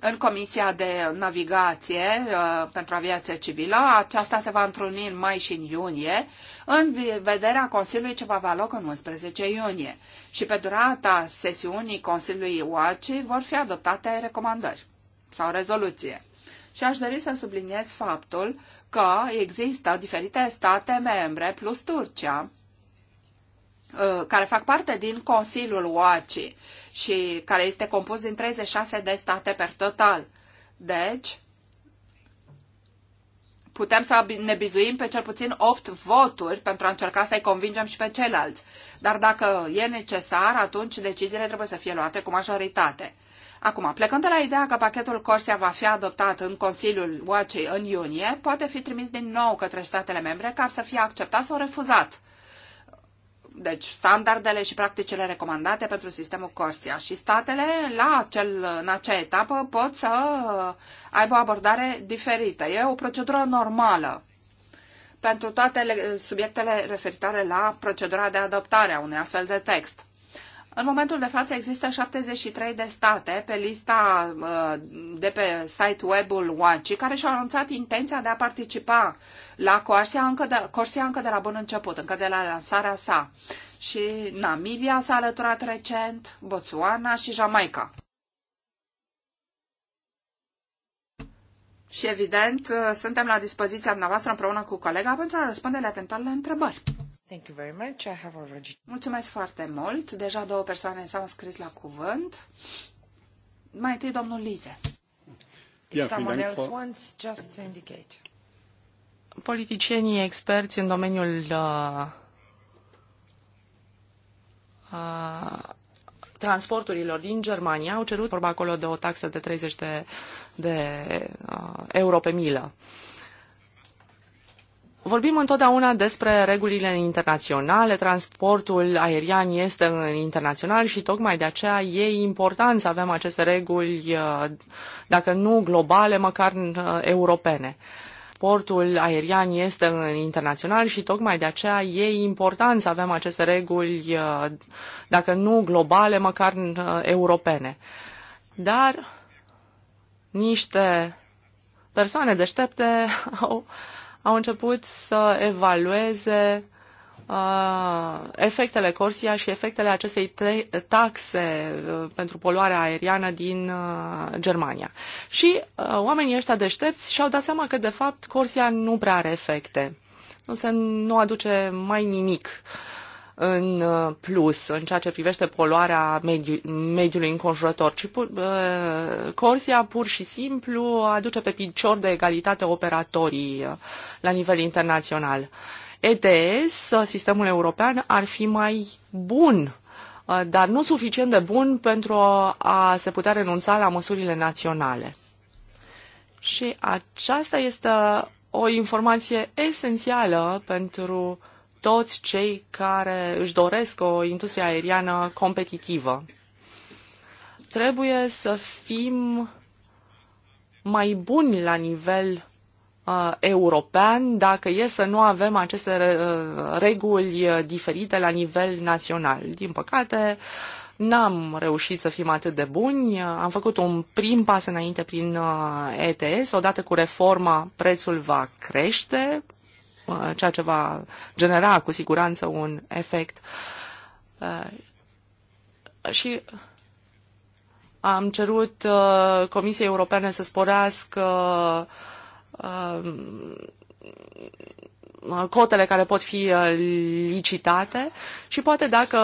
în Comisia de Navigație uh, pentru Aviație Civilă. Aceasta se va întruni în mai și în iunie, în vederea Consiliului ce va avea loc în 11 iunie. Și pe durata sesiunii Consiliului UACI vor fi adoptate recomandări sau rezoluție. Și aș dori să subliniez faptul că există diferite state membre plus Turcia Uh, care fac parte din Consiliul OACI și care este compus din 36 de state per total. Deci, putem să ne bizuim pe cel puțin 8 voturi pentru a încerca să-i convingem și pe ceilalți. Dar dacă e necesar, atunci deciziile trebuie să fie luate cu majoritate. Acum, plecând de la ideea că pachetul Corsia va fi adoptat în Consiliul UACI în iunie, poate fi trimis din nou către statele membre care să fie acceptat sau refuzat deci standardele și practicile recomandate pentru sistemul Corsia și statele la acel, în acea etapă pot să aibă o abordare diferită. E o procedură normală pentru toate subiectele referitoare la procedura de adoptare a unui astfel de text. În momentul de față există 73 de state pe lista uh, de pe site web-ul WACI care și-au anunțat intenția de a participa la Corsia încă, de, Corsia încă de la bun început, încă de la lansarea sa. Și Namibia s-a alăturat recent, Botswana și Jamaica. Și evident, uh, suntem la dispoziția dumneavoastră împreună cu colega pentru a răspunde la eventuale întrebări. Thank you very much. I have already... Mulțumesc foarte mult. Deja două persoane s-au înscris la cuvânt. Mai întâi domnul Lize. If Politicienii experți în domeniul uh, uh, transporturilor din Germania au cerut vorba acolo de o taxă de 30 de, de uh, euro pe milă. Uh, Vorbim întotdeauna despre regulile internaționale, transportul aerian este internațional și tocmai de aceea e important să avem aceste reguli, uh, dacă nu globale, măcar uh, europene. Transportul aerian este internațional și tocmai de aceea e important să avem aceste reguli, uh, dacă nu globale, măcar europene. Dar niște persoane deștepte <laughs> au au început să evalueze uh, efectele Corsia și efectele acestei taxe uh, pentru poluarea aeriană din uh, Germania. Și uh, oamenii ăștia deștepți și-au dat seama că, de fapt, Corsia nu prea are efecte. Nu, se, nu aduce mai nimic. Uh, în uh, plus în ceea ce privește poluarea mediu, mediului înconjurător, ci pur, uh, Corsia pur și simplu aduce pe picior de egalitate operatorii uh, la nivel internațional. ETS, uh, sistemul european, ar fi mai bun, uh, dar nu suficient de bun pentru a se putea renunța la măsurile naționale. Și aceasta este o informație esențială pentru uh, toți cei care își doresc o industrie aeriană competitivă. Trebuie să fim mai buni la nivel uh, european dacă e să nu avem aceste uh, reguli uh, diferite la nivel național. Din păcate, n-am reușit să fim atât de buni. Am făcut un prim pas înainte prin uh, ETS. Odată cu reforma, prețul va crește Uh, ceea ce va genera cu siguranță un efect. Uh, și am cerut uh, Comisiei Europene să sporească cotele care pot fi licitate și poate dacă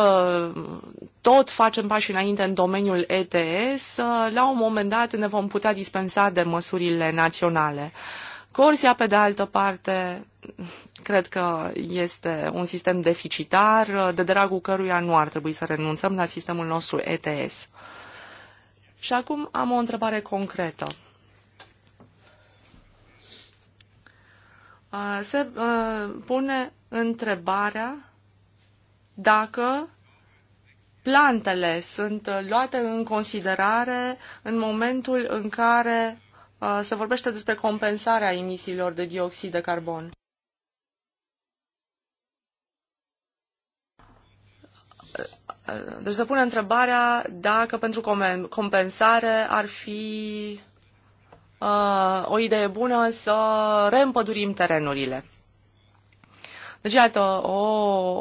tot facem pași înainte în domeniul ETS, la un moment dat ne vom putea dispensa de măsurile naționale. Uh, Corsia, pe de altă parte, cred că este un sistem deficitar, de dragul căruia nu ar trebui să renunțăm la sistemul nostru ETS. Și acum am o întrebare concretă. Se pune întrebarea dacă plantele sunt luate în considerare în momentul în care Uh, se vorbește despre compensarea emisiilor de dioxid de carbon. Deci se pune întrebarea dacă pentru compensare ar fi uh, o idee bună să reîmpădurim terenurile. Deci, iată, o,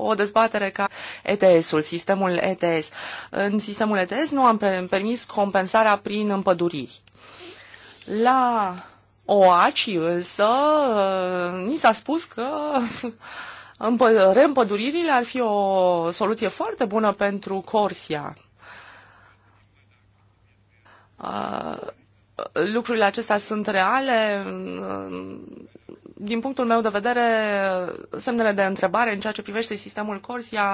o dezbatere ca ETS-ul, sistemul ETS. În sistemul ETS nu am permis compensarea prin împăduriri. La OACI însă ni s-a spus că reîmpăduririle ar fi o soluție foarte bună pentru Corsia. Lucrurile acestea sunt reale. Din punctul meu de vedere, semnele de întrebare în ceea ce privește sistemul Corsia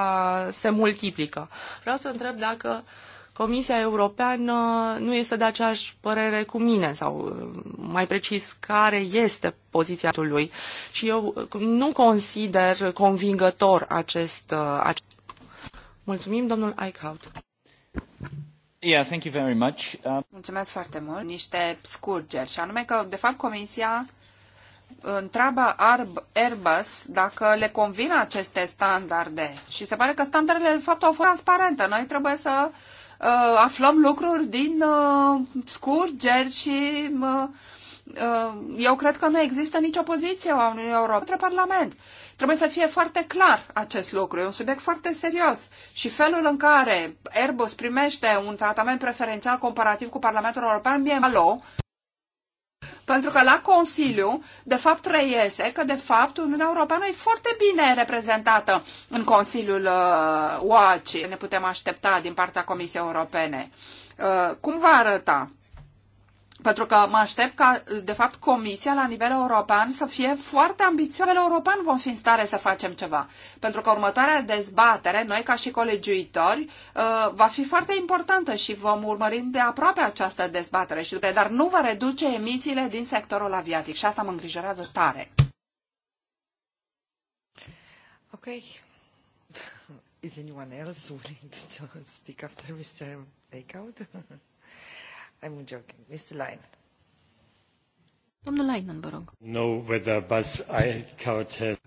se multiplică. Vreau să întreb dacă uh, Comisia Europeană nu este de aceeași părere cu mine sau mai precis care este poziția lui și eu nu consider convingător acest, uh, acest... Mulțumim, domnul Eichhout. Yeah, thank you very much. Uh... Mulțumesc foarte mult. Niște scurgeri și anume că, de fapt, Comisia întreabă Airbus dacă le convine aceste standarde și se pare că standardele, de fapt, au fost transparente. Noi trebuie să uh, uh, aflăm lucruri din uh, scurgeri și uh, eu cred că nu există nicio poziție a Uniunii Europene între Parlament. Trebuie să fie foarte clar acest lucru. E un subiect foarte serios. Și felul în care Airbus primește un tratament preferențial comparativ cu Parlamentul European, mie malo, pentru că la Consiliu, de fapt, reiese că, de fapt, Uniunea Europeană e foarte bine reprezentată în Consiliul uh, OACI. Ne putem aștepta din partea Comisiei Europene. Uh, cum va arăta? Pentru că mă aștept ca, de fapt, Comisia la nivel european să fie foarte ambițioasă. La nivel european vom fi în stare să facem ceva. Pentru că următoarea dezbatere, noi ca și colegiuitori, uh, va fi foarte importantă și vom urmări de aproape această dezbatere. Și Dar nu va reduce emisiile din sectorul aviatic și asta mă îngrijorează tare. Ok. <laughs> Is anyone else willing to speak after Mr. Takeout? <laughs> I'm joking. Mr. Leinen. Domnul Leinen, vă rog.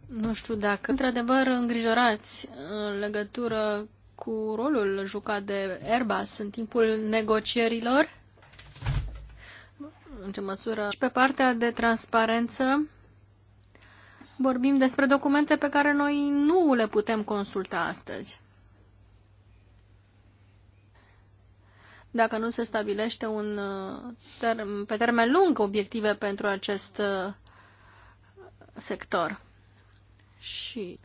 Nu știu dacă, într-adevăr, îngrijorați în legătură cu rolul jucat de Airbus în timpul negocierilor? În ce măsură? Și pe partea de transparență, vorbim despre documente pe care noi nu le putem consulta astăzi. dacă nu se stabilește un uh, term, pe termen lung obiective pentru acest uh, sector. Și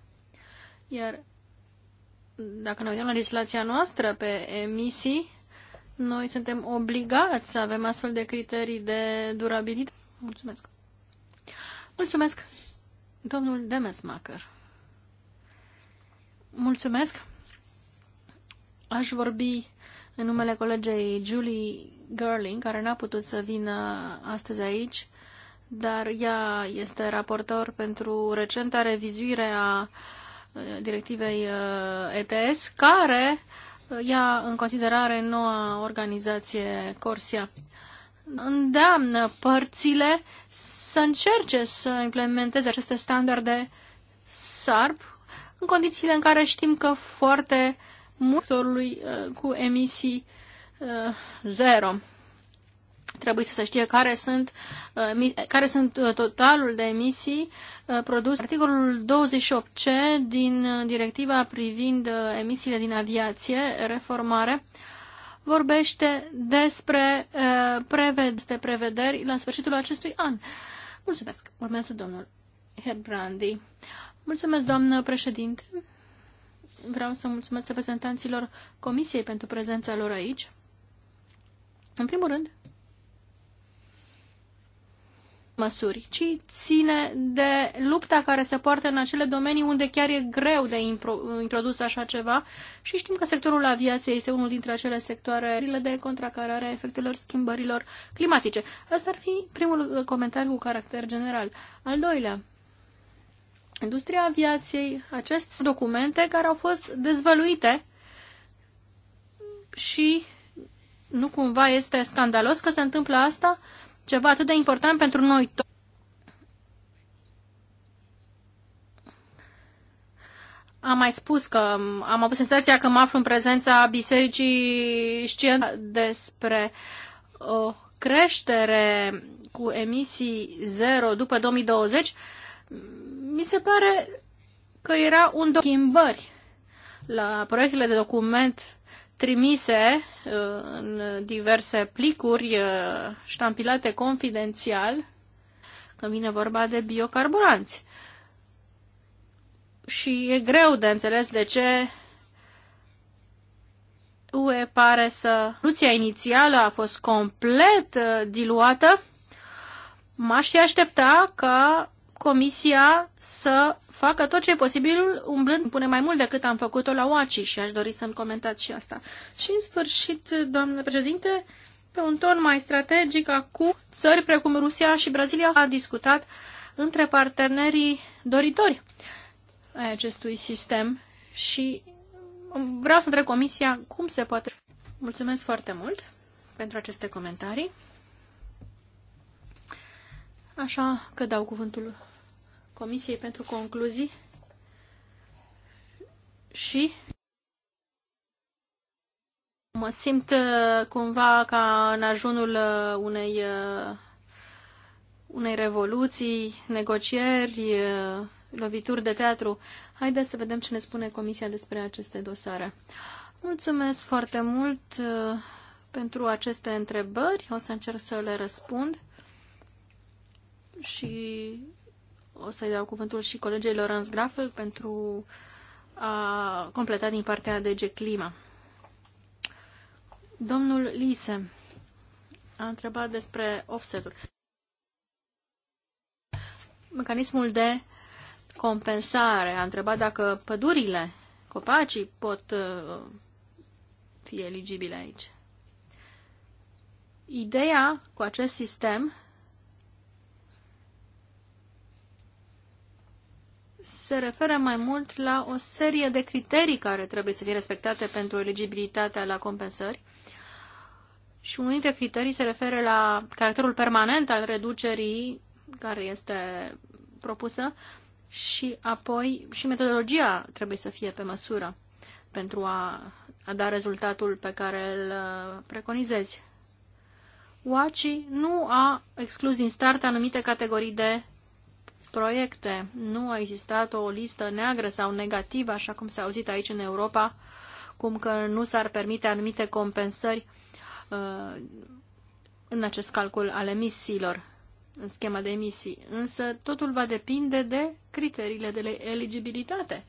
iar dacă ne uităm la legislația noastră pe emisii, noi suntem obligați să avem astfel de criterii de durabilitate. Mulțumesc. Mulțumesc, domnul Demesmacher. Mulțumesc. Aș vorbi în numele colegei Julie Gerling, care n-a putut să vină astăzi aici, dar ea este raportor pentru recenta revizuire a uh, directivei uh, ETS, care uh, ia în considerare noua organizație Corsia. Îndeamnă părțile să încerce să implementeze aceste standarde SARP în condițiile în care știm că foarte motorului uh, cu emisii uh, zero. Trebuie să se știe care sunt, uh, care sunt totalul de emisii produs. Articolul 28C din directiva privind emisiile din aviație, reformare, vorbește despre prevederi la sfârșitul acestui an. Mulțumesc. Urmează domnul Herbrandi. Mulțumesc, doamnă președinte vreau să mulțumesc reprezentanților Comisiei pentru prezența lor aici. În primul rând, măsuri, ci ține de lupta care se poartă în acele domenii unde chiar e greu de introdus așa ceva și știm că sectorul aviației este unul dintre acele sectoare de contracarare a efectelor schimbărilor climatice. Asta ar fi primul comentariu cu caracter general. Al doilea, industria aviației, aceste documente care au fost dezvăluite și nu cumva este scandalos că se întâmplă asta? Ceva atât de important pentru noi toți. Am mai spus că am avut senzația că mă aflu în prezența bisericii știind despre o creștere cu emisii zero după 2020 mi se pare că era un schimbări la proiectele de document trimise uh, în diverse plicuri uh, ștampilate confidențial când vine vorba de biocarburanți. Și e greu de înțeles de ce UE pare să... Soluția inițială a fost complet uh, diluată. M-aș fi aștepta ca Comisia să facă tot ce e posibil, umblând, pune mai mult decât am făcut-o la OACI și aș dori să-mi comentați și asta. Și în sfârșit, doamnă președinte, pe un ton mai strategic, acum țări precum Rusia și Brazilia a discutat între partenerii doritori ai acestui sistem și vreau să întreb Comisia cum se poate. Mulțumesc foarte mult pentru aceste comentarii. Așa că dau cuvântul Comisiei pentru concluzii și mă simt uh, cumva ca în ajunul uh, unei, uh, unei revoluții, negocieri, lovituri de teatru. Haideți să vedem ce ne spune Comisia despre aceste dosare. Mulțumesc foarte mult pentru aceste întrebări. O să încerc să le răspund și o să-i dau cuvântul și colegei Lorenz Grafel pentru a completa din partea DG Clima. Domnul Lise a întrebat despre offset-uri. Mecanismul de compensare a întrebat dacă pădurile, copacii pot uh, fi eligibile aici. Ideea cu acest sistem se referă mai mult la o serie de criterii care trebuie să fie respectate pentru eligibilitatea la compensări și unul dintre criterii se referă la caracterul permanent al reducerii care este propusă și apoi și metodologia trebuie să fie pe măsură pentru a, a da rezultatul pe care îl uh, preconizezi. UACI nu a exclus din start anumite categorii de proiecte. Nu a existat o listă neagră sau negativă, așa cum s-a auzit aici în Europa, cum că nu s-ar permite anumite compensări uh, în acest calcul al emisiilor, în schema de emisii. Însă totul va depinde de criteriile de eligibilitate.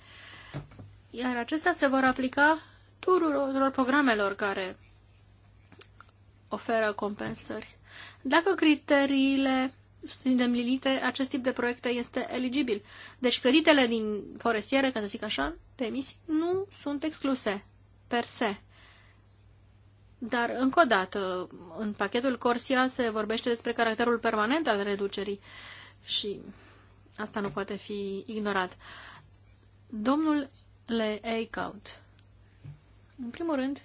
Iar acestea se vor aplica tuturor programelor care oferă compensări. Dacă criteriile indemnite, acest tip de proiecte este eligibil. Deci creditele din forestiere, ca să zic așa, de emisii, nu sunt excluse per se. Dar, încă o dată, în pachetul Corsia se vorbește despre caracterul permanent al reducerii și asta nu poate fi ignorat. Domnul Le Eichhout. În primul rând,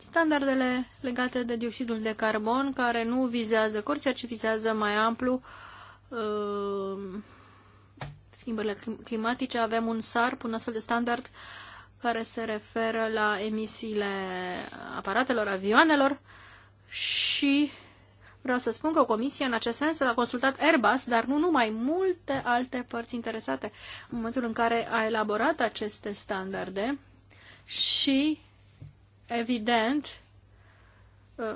standardele legate de dioxidul de carbon, care nu vizează Corsia, ci vizează mai amplu uh, schimbările climatice. Avem un SARP, un astfel de standard care se referă la emisiile aparatelor, avioanelor și vreau să spun că Comisia în acest sens a consultat Airbus, dar nu numai, multe alte părți interesate în momentul în care a elaborat aceste standarde și evident, uh,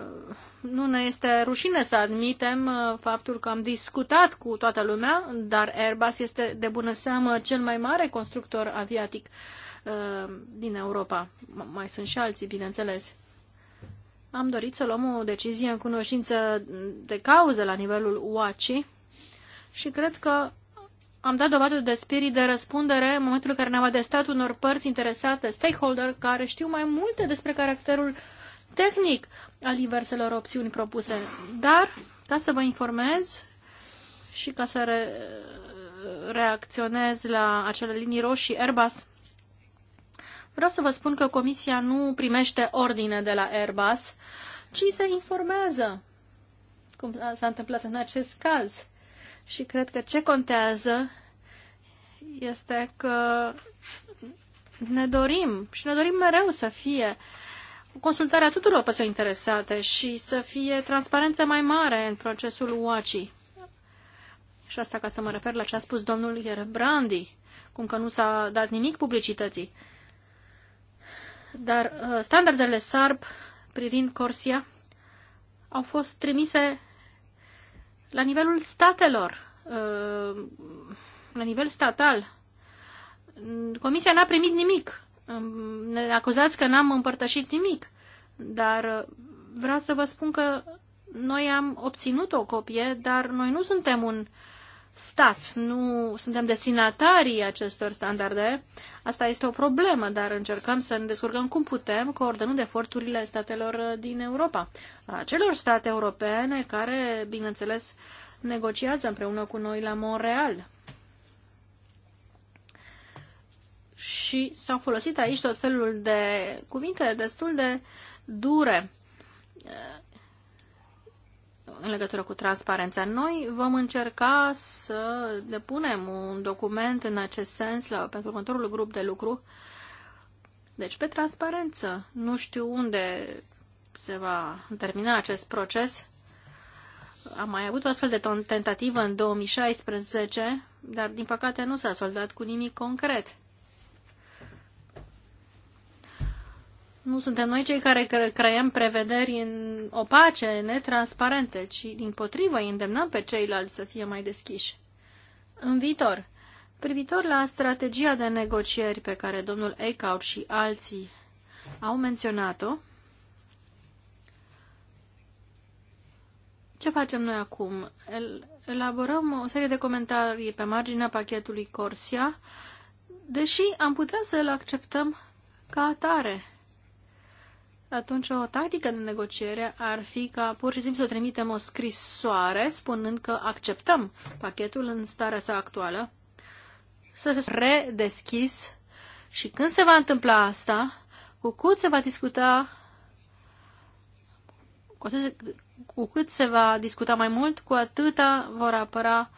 nu ne este rușine să admitem uh, faptul că am discutat cu toată lumea, dar Airbus este de bună seamă cel mai mare constructor aviatic uh, din Europa. Mai sunt și alții, bineînțeles. Am dorit să luăm o decizie în cunoștință de cauză la nivelul UACI și cred că am dat dovadă de spirit de răspundere în momentul în care ne-am adestat unor părți interesate, stakeholder, care știu mai multe despre caracterul tehnic al diverselor opțiuni propuse. Dar, ca să vă informez și ca să re reacționez la acele linii roșii Airbus, vreau să vă spun că Comisia nu primește ordine de la Airbus, ci se informează, cum s-a întâmplat în acest caz și cred că ce contează este că ne dorim și ne dorim mereu să fie consultarea tuturor persoanelor interesate și să fie transparență mai mare în procesul UACI. Și asta ca să mă refer la ce a spus domnul Brandi, cum că nu s-a dat nimic publicității. Dar uh, standardele SARP privind Corsia au fost trimise la nivelul statelor, uh, la nivel statal, Comisia n-a primit nimic. Ne acuzați că n-am împărtășit nimic, dar uh, vreau să vă spun că noi am obținut o copie, dar noi nu suntem un uh, stat. Nu suntem destinatarii acestor standarde. Asta este o problemă, dar încercăm să ne descurcăm cum putem, coordonând eforturile statelor din Europa. Acelor state europene care, bineînțeles, negociază împreună cu noi la Montreal. Și s-au folosit aici tot felul de cuvinte destul de dure în legătură cu transparența. Noi vom încerca să depunem un document în acest sens la, pentru următorul grup de lucru. Deci pe transparență. Nu știu unde se va termina acest proces. Am mai avut o astfel de tentativă în 2016, dar din păcate nu s-a soldat cu nimic concret. Nu suntem noi cei care creăm prevederi în opace, netransparente, ci din potrivă îi îndemnăm pe ceilalți să fie mai deschiși. În viitor, privitor la strategia de negocieri pe care domnul Eichhout și alții au menționat-o, ce facem noi acum? El elaborăm o serie de comentarii pe marginea pachetului Corsia, deși am putea să îl acceptăm ca atare atunci o tactică de negociere ar fi ca pur și simplu să trimitem o scrisoare spunând că acceptăm pachetul în starea sa actuală, să se redeschis și când se va întâmpla asta, cu cât se va discuta cu, atât, cu cât se va discuta mai mult, cu atâta vor apăra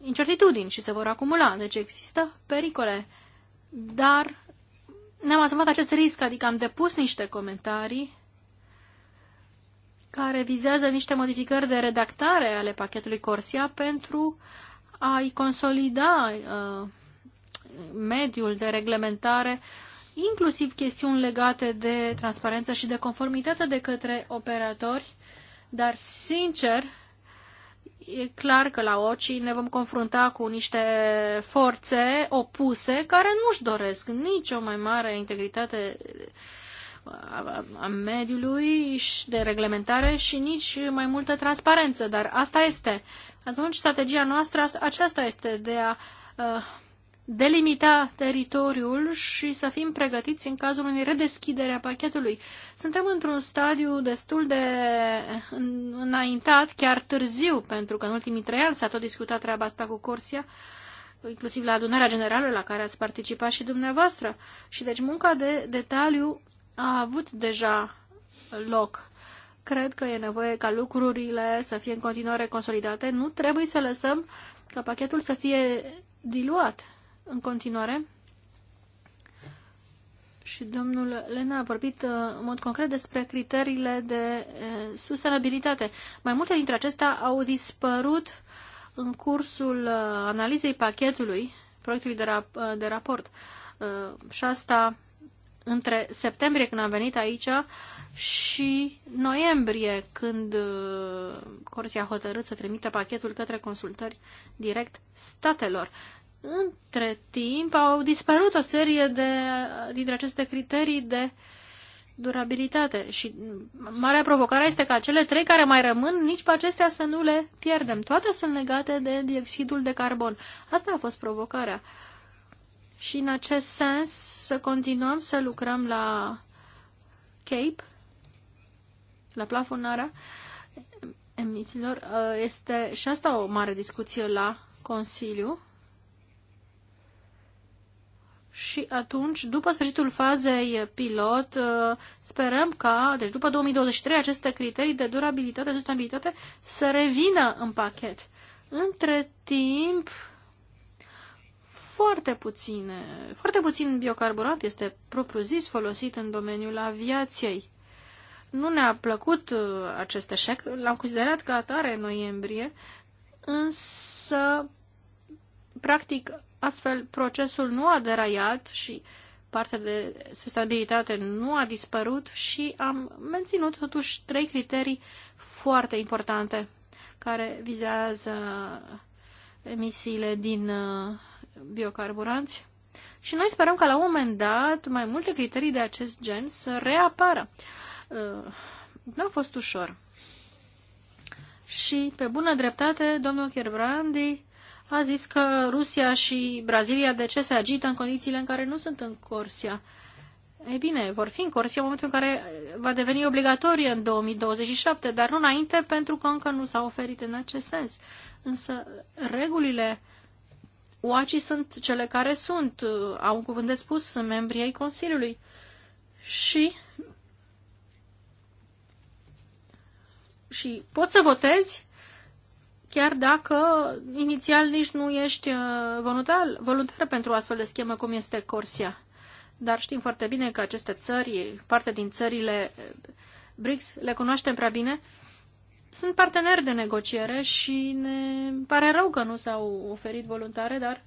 incertitudini și se vor acumula. Deci există pericole. Dar ne-am asumat acest risc, adică am depus niște comentarii care vizează niște modificări de redactare ale pachetului Corsia pentru a-i consolida uh, mediul de reglementare, inclusiv chestiuni legate de transparență și de conformitate de către operatori, dar, sincer, e clar că la OCI ne vom confrunta cu niște forțe opuse care nu-și doresc nicio mai mare integritate a mediului și de reglementare și nici mai multă transparență, dar asta este. Atunci strategia noastră aceasta este de a uh, delimita teritoriul și să fim pregătiți în cazul unei redeschidere a pachetului. Suntem într-un stadiu destul de înaintat, chiar târziu, pentru că în ultimii trei ani s-a tot discutat treaba asta cu Corsia, inclusiv la adunarea generală la care ați participat și dumneavoastră. Și deci munca de detaliu a avut deja loc. Cred că e nevoie ca lucrurile să fie în continuare consolidate. Nu trebuie să lăsăm ca pachetul să fie diluat în continuare. Și domnul Lena a vorbit uh, în mod concret despre criteriile de uh, sustenabilitate. Mai multe dintre acestea au dispărut în cursul uh, analizei pachetului, proiectului de, rap- de raport. Și asta între septembrie când am venit aici și noiembrie când Corsia a hotărât să trimită pachetul către consultări direct statelor. Între timp au dispărut o serie de, dintre aceste criterii de durabilitate și marea provocare este că cele trei care mai rămân, nici pe acestea să nu le pierdem. Toate sunt legate de dioxidul de carbon. Asta a fost provocarea. Și în acest sens să continuăm să lucrăm la CAPE, la plafonarea emisiilor. Este și asta o mare discuție la Consiliu și atunci, după sfârșitul fazei pilot, uh, sperăm ca, deci după 2023, aceste criterii de durabilitate, de stabilitate să revină în pachet. Între timp, foarte puține, foarte puțin biocarburant este propriu-zis folosit în domeniul aviației. Nu ne-a plăcut uh, acest eșec, l-am considerat ca atare în noiembrie, însă practic Astfel, procesul nu a deraiat și partea de sustenabilitate nu a dispărut și am menținut totuși trei criterii foarte importante care vizează emisiile din uh, biocarburanți. Și noi sperăm că la un moment dat mai multe criterii de acest gen să reapară. Uh, nu a fost ușor. Și pe bună dreptate, domnul Kerbrandi a zis că Rusia și Brazilia de ce se agită în condițiile în care nu sunt în Corsia. Ei bine, vor fi în Corsia în momentul în care va deveni obligatorie în 2027, dar nu înainte pentru că încă nu s-a oferit în acest sens. Însă regulile OACI sunt cele care sunt, uh, au un cuvânt de spus membrii ai Consiliului. Și și poți să votezi chiar dacă inițial nici nu ești uh, voluntar, voluntar pentru o astfel de schemă cum este Corsia. Dar știm foarte bine că aceste țări, parte din țările uh, BRICS, le cunoaștem prea bine, sunt parteneri de negociere și ne pare rău că nu s-au oferit voluntare, dar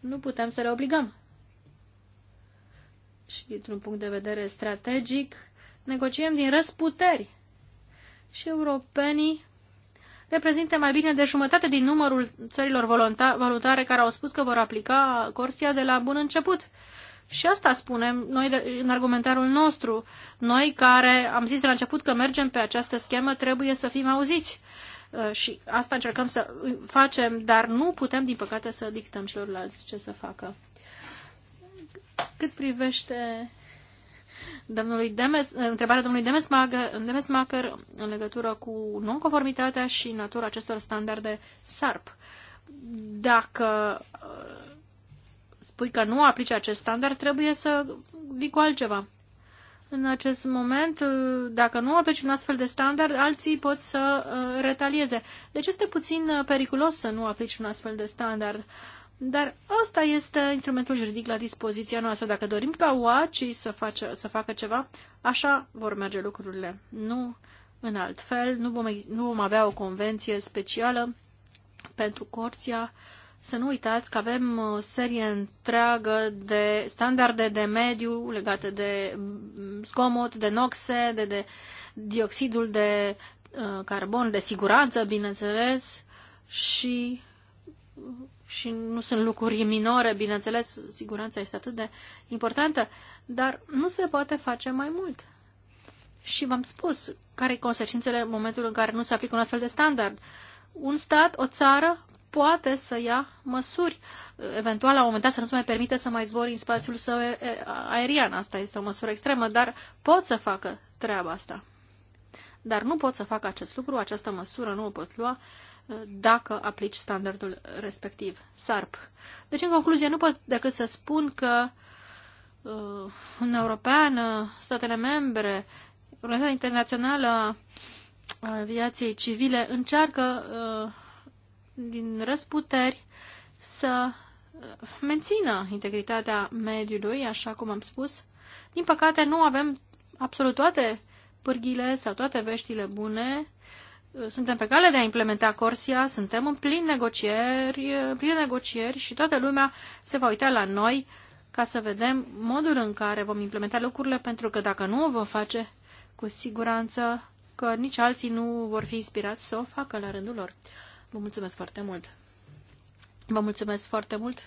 nu putem să le obligăm. Și dintr-un punct de vedere strategic, negociem din răsputeri. Și europenii reprezintă mai bine de jumătate din numărul țărilor voluntare care au spus că vor aplica Corsia de la bun început. Și asta spunem noi în argumentarul nostru. Noi care am zis de la început că mergem pe această schemă trebuie să fim auziți. Uh, și asta încercăm să facem, dar nu putem, din păcate, să dictăm celorlalți ce să facă. Cât privește domnului Demes, întrebarea domnului Demesmacher, Demesmacher în legătură cu nonconformitatea și natura acestor standarde SARP. Dacă uh, spui că nu aplici acest standard, trebuie să vii cu altceva. În acest moment, uh, dacă nu aplici un astfel de standard, alții pot să uh, retalieze. Deci este puțin periculos să nu aplici un astfel de standard dar asta este instrumentul juridic la dispoziția noastră. Dacă dorim ca oacii să, face, să facă ceva, așa vor merge lucrurile. Nu în alt fel, nu vom, nu vom avea o convenție specială pentru Corsia. Să nu uitați că avem o serie întreagă de standarde de mediu legate de zgomot, de noxe, de, de dioxidul de uh, carbon, de siguranță, bineînțeles, și și nu sunt lucruri minore, bineînțeles, siguranța este atât de importantă, dar nu se poate face mai mult. Și v-am spus care consecințele în momentul în care nu se aplică un astfel de standard. Un stat, o țară, poate să ia măsuri, eventual la un moment dat să nu se mai permite să mai zbori în spațiul său aerian. Asta este o măsură extremă, dar pot să facă treaba asta. Dar nu pot să facă acest lucru, această măsură nu o pot lua dacă aplici standardul respectiv, SARP. Deci, în concluzie, nu pot decât să spun că uh, Uniunea Europeană, statele membre, Organizația Internațională a Aviației Civile încearcă uh, din răsputeri să uh, mențină integritatea mediului, așa cum am spus. Din păcate, nu avem absolut toate pârghile sau toate veștile bune suntem pe cale de a implementa Corsia, suntem în plin negocieri, plin negocieri și toată lumea se va uita la noi ca să vedem modul în care vom implementa lucrurile, pentru că dacă nu o vom face, cu siguranță că nici alții nu vor fi inspirați să o facă la rândul lor. Vă mulțumesc foarte mult! Vă mulțumesc foarte mult!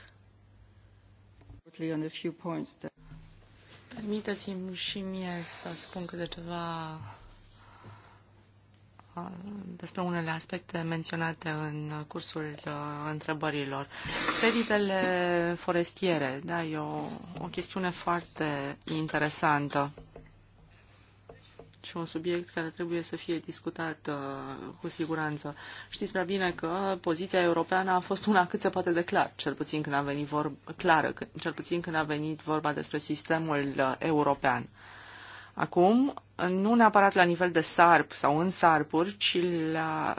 Permiteți-mi și mie să spun câte ceva despre unele aspecte menționate în cursul întrebărilor. Creditele forestiere, da, e o, o chestiune foarte interesantă și un subiect care trebuie să fie discutat uh, cu siguranță. Știți prea bine că poziția europeană a fost una cât se poate de clar, cel puțin când a venit vorba, clară, cel puțin când a venit vorba despre sistemul uh, european. Acum, nu neapărat la nivel de sarp sau în sarpuri, ci la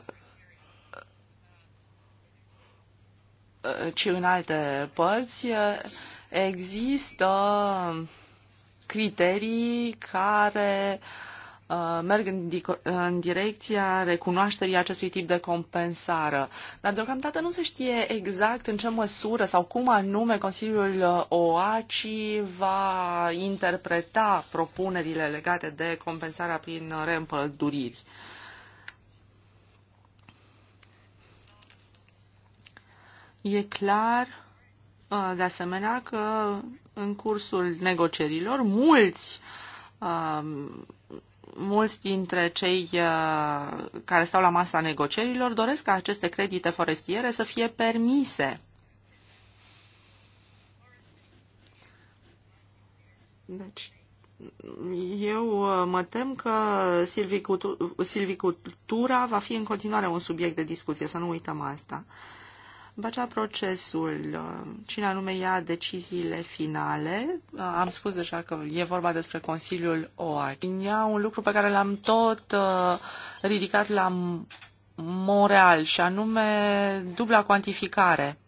ci în alte părți există criterii care uh, Uh, merg în, în direcția recunoașterii acestui tip de compensară. Dar deocamdată nu se știe exact în ce măsură sau cum anume Consiliul uh, OACI va interpreta propunerile legate de compensarea prin reîmpăduriri. E clar, uh, de asemenea, că în cursul negocierilor mulți mulți dintre cei uh, care stau la masa negocierilor doresc ca aceste credite forestiere să fie permise. Deci, eu uh, mă tem că silvicultura va fi în continuare un subiect de discuție, să nu uităm asta. După aceea procesul, uh, cine anume ia deciziile finale, uh, am spus deja că e vorba despre Consiliul OAC. Ia un lucru pe care l-am tot uh, ridicat la moral, și anume dubla cuantificare.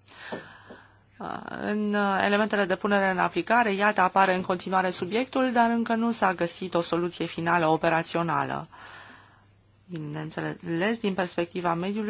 În elementele de punere în aplicare, iată, apare în continuare subiectul, dar încă nu s-a găsit o soluție finală operațională. Bineînțeles, din perspectiva mediului,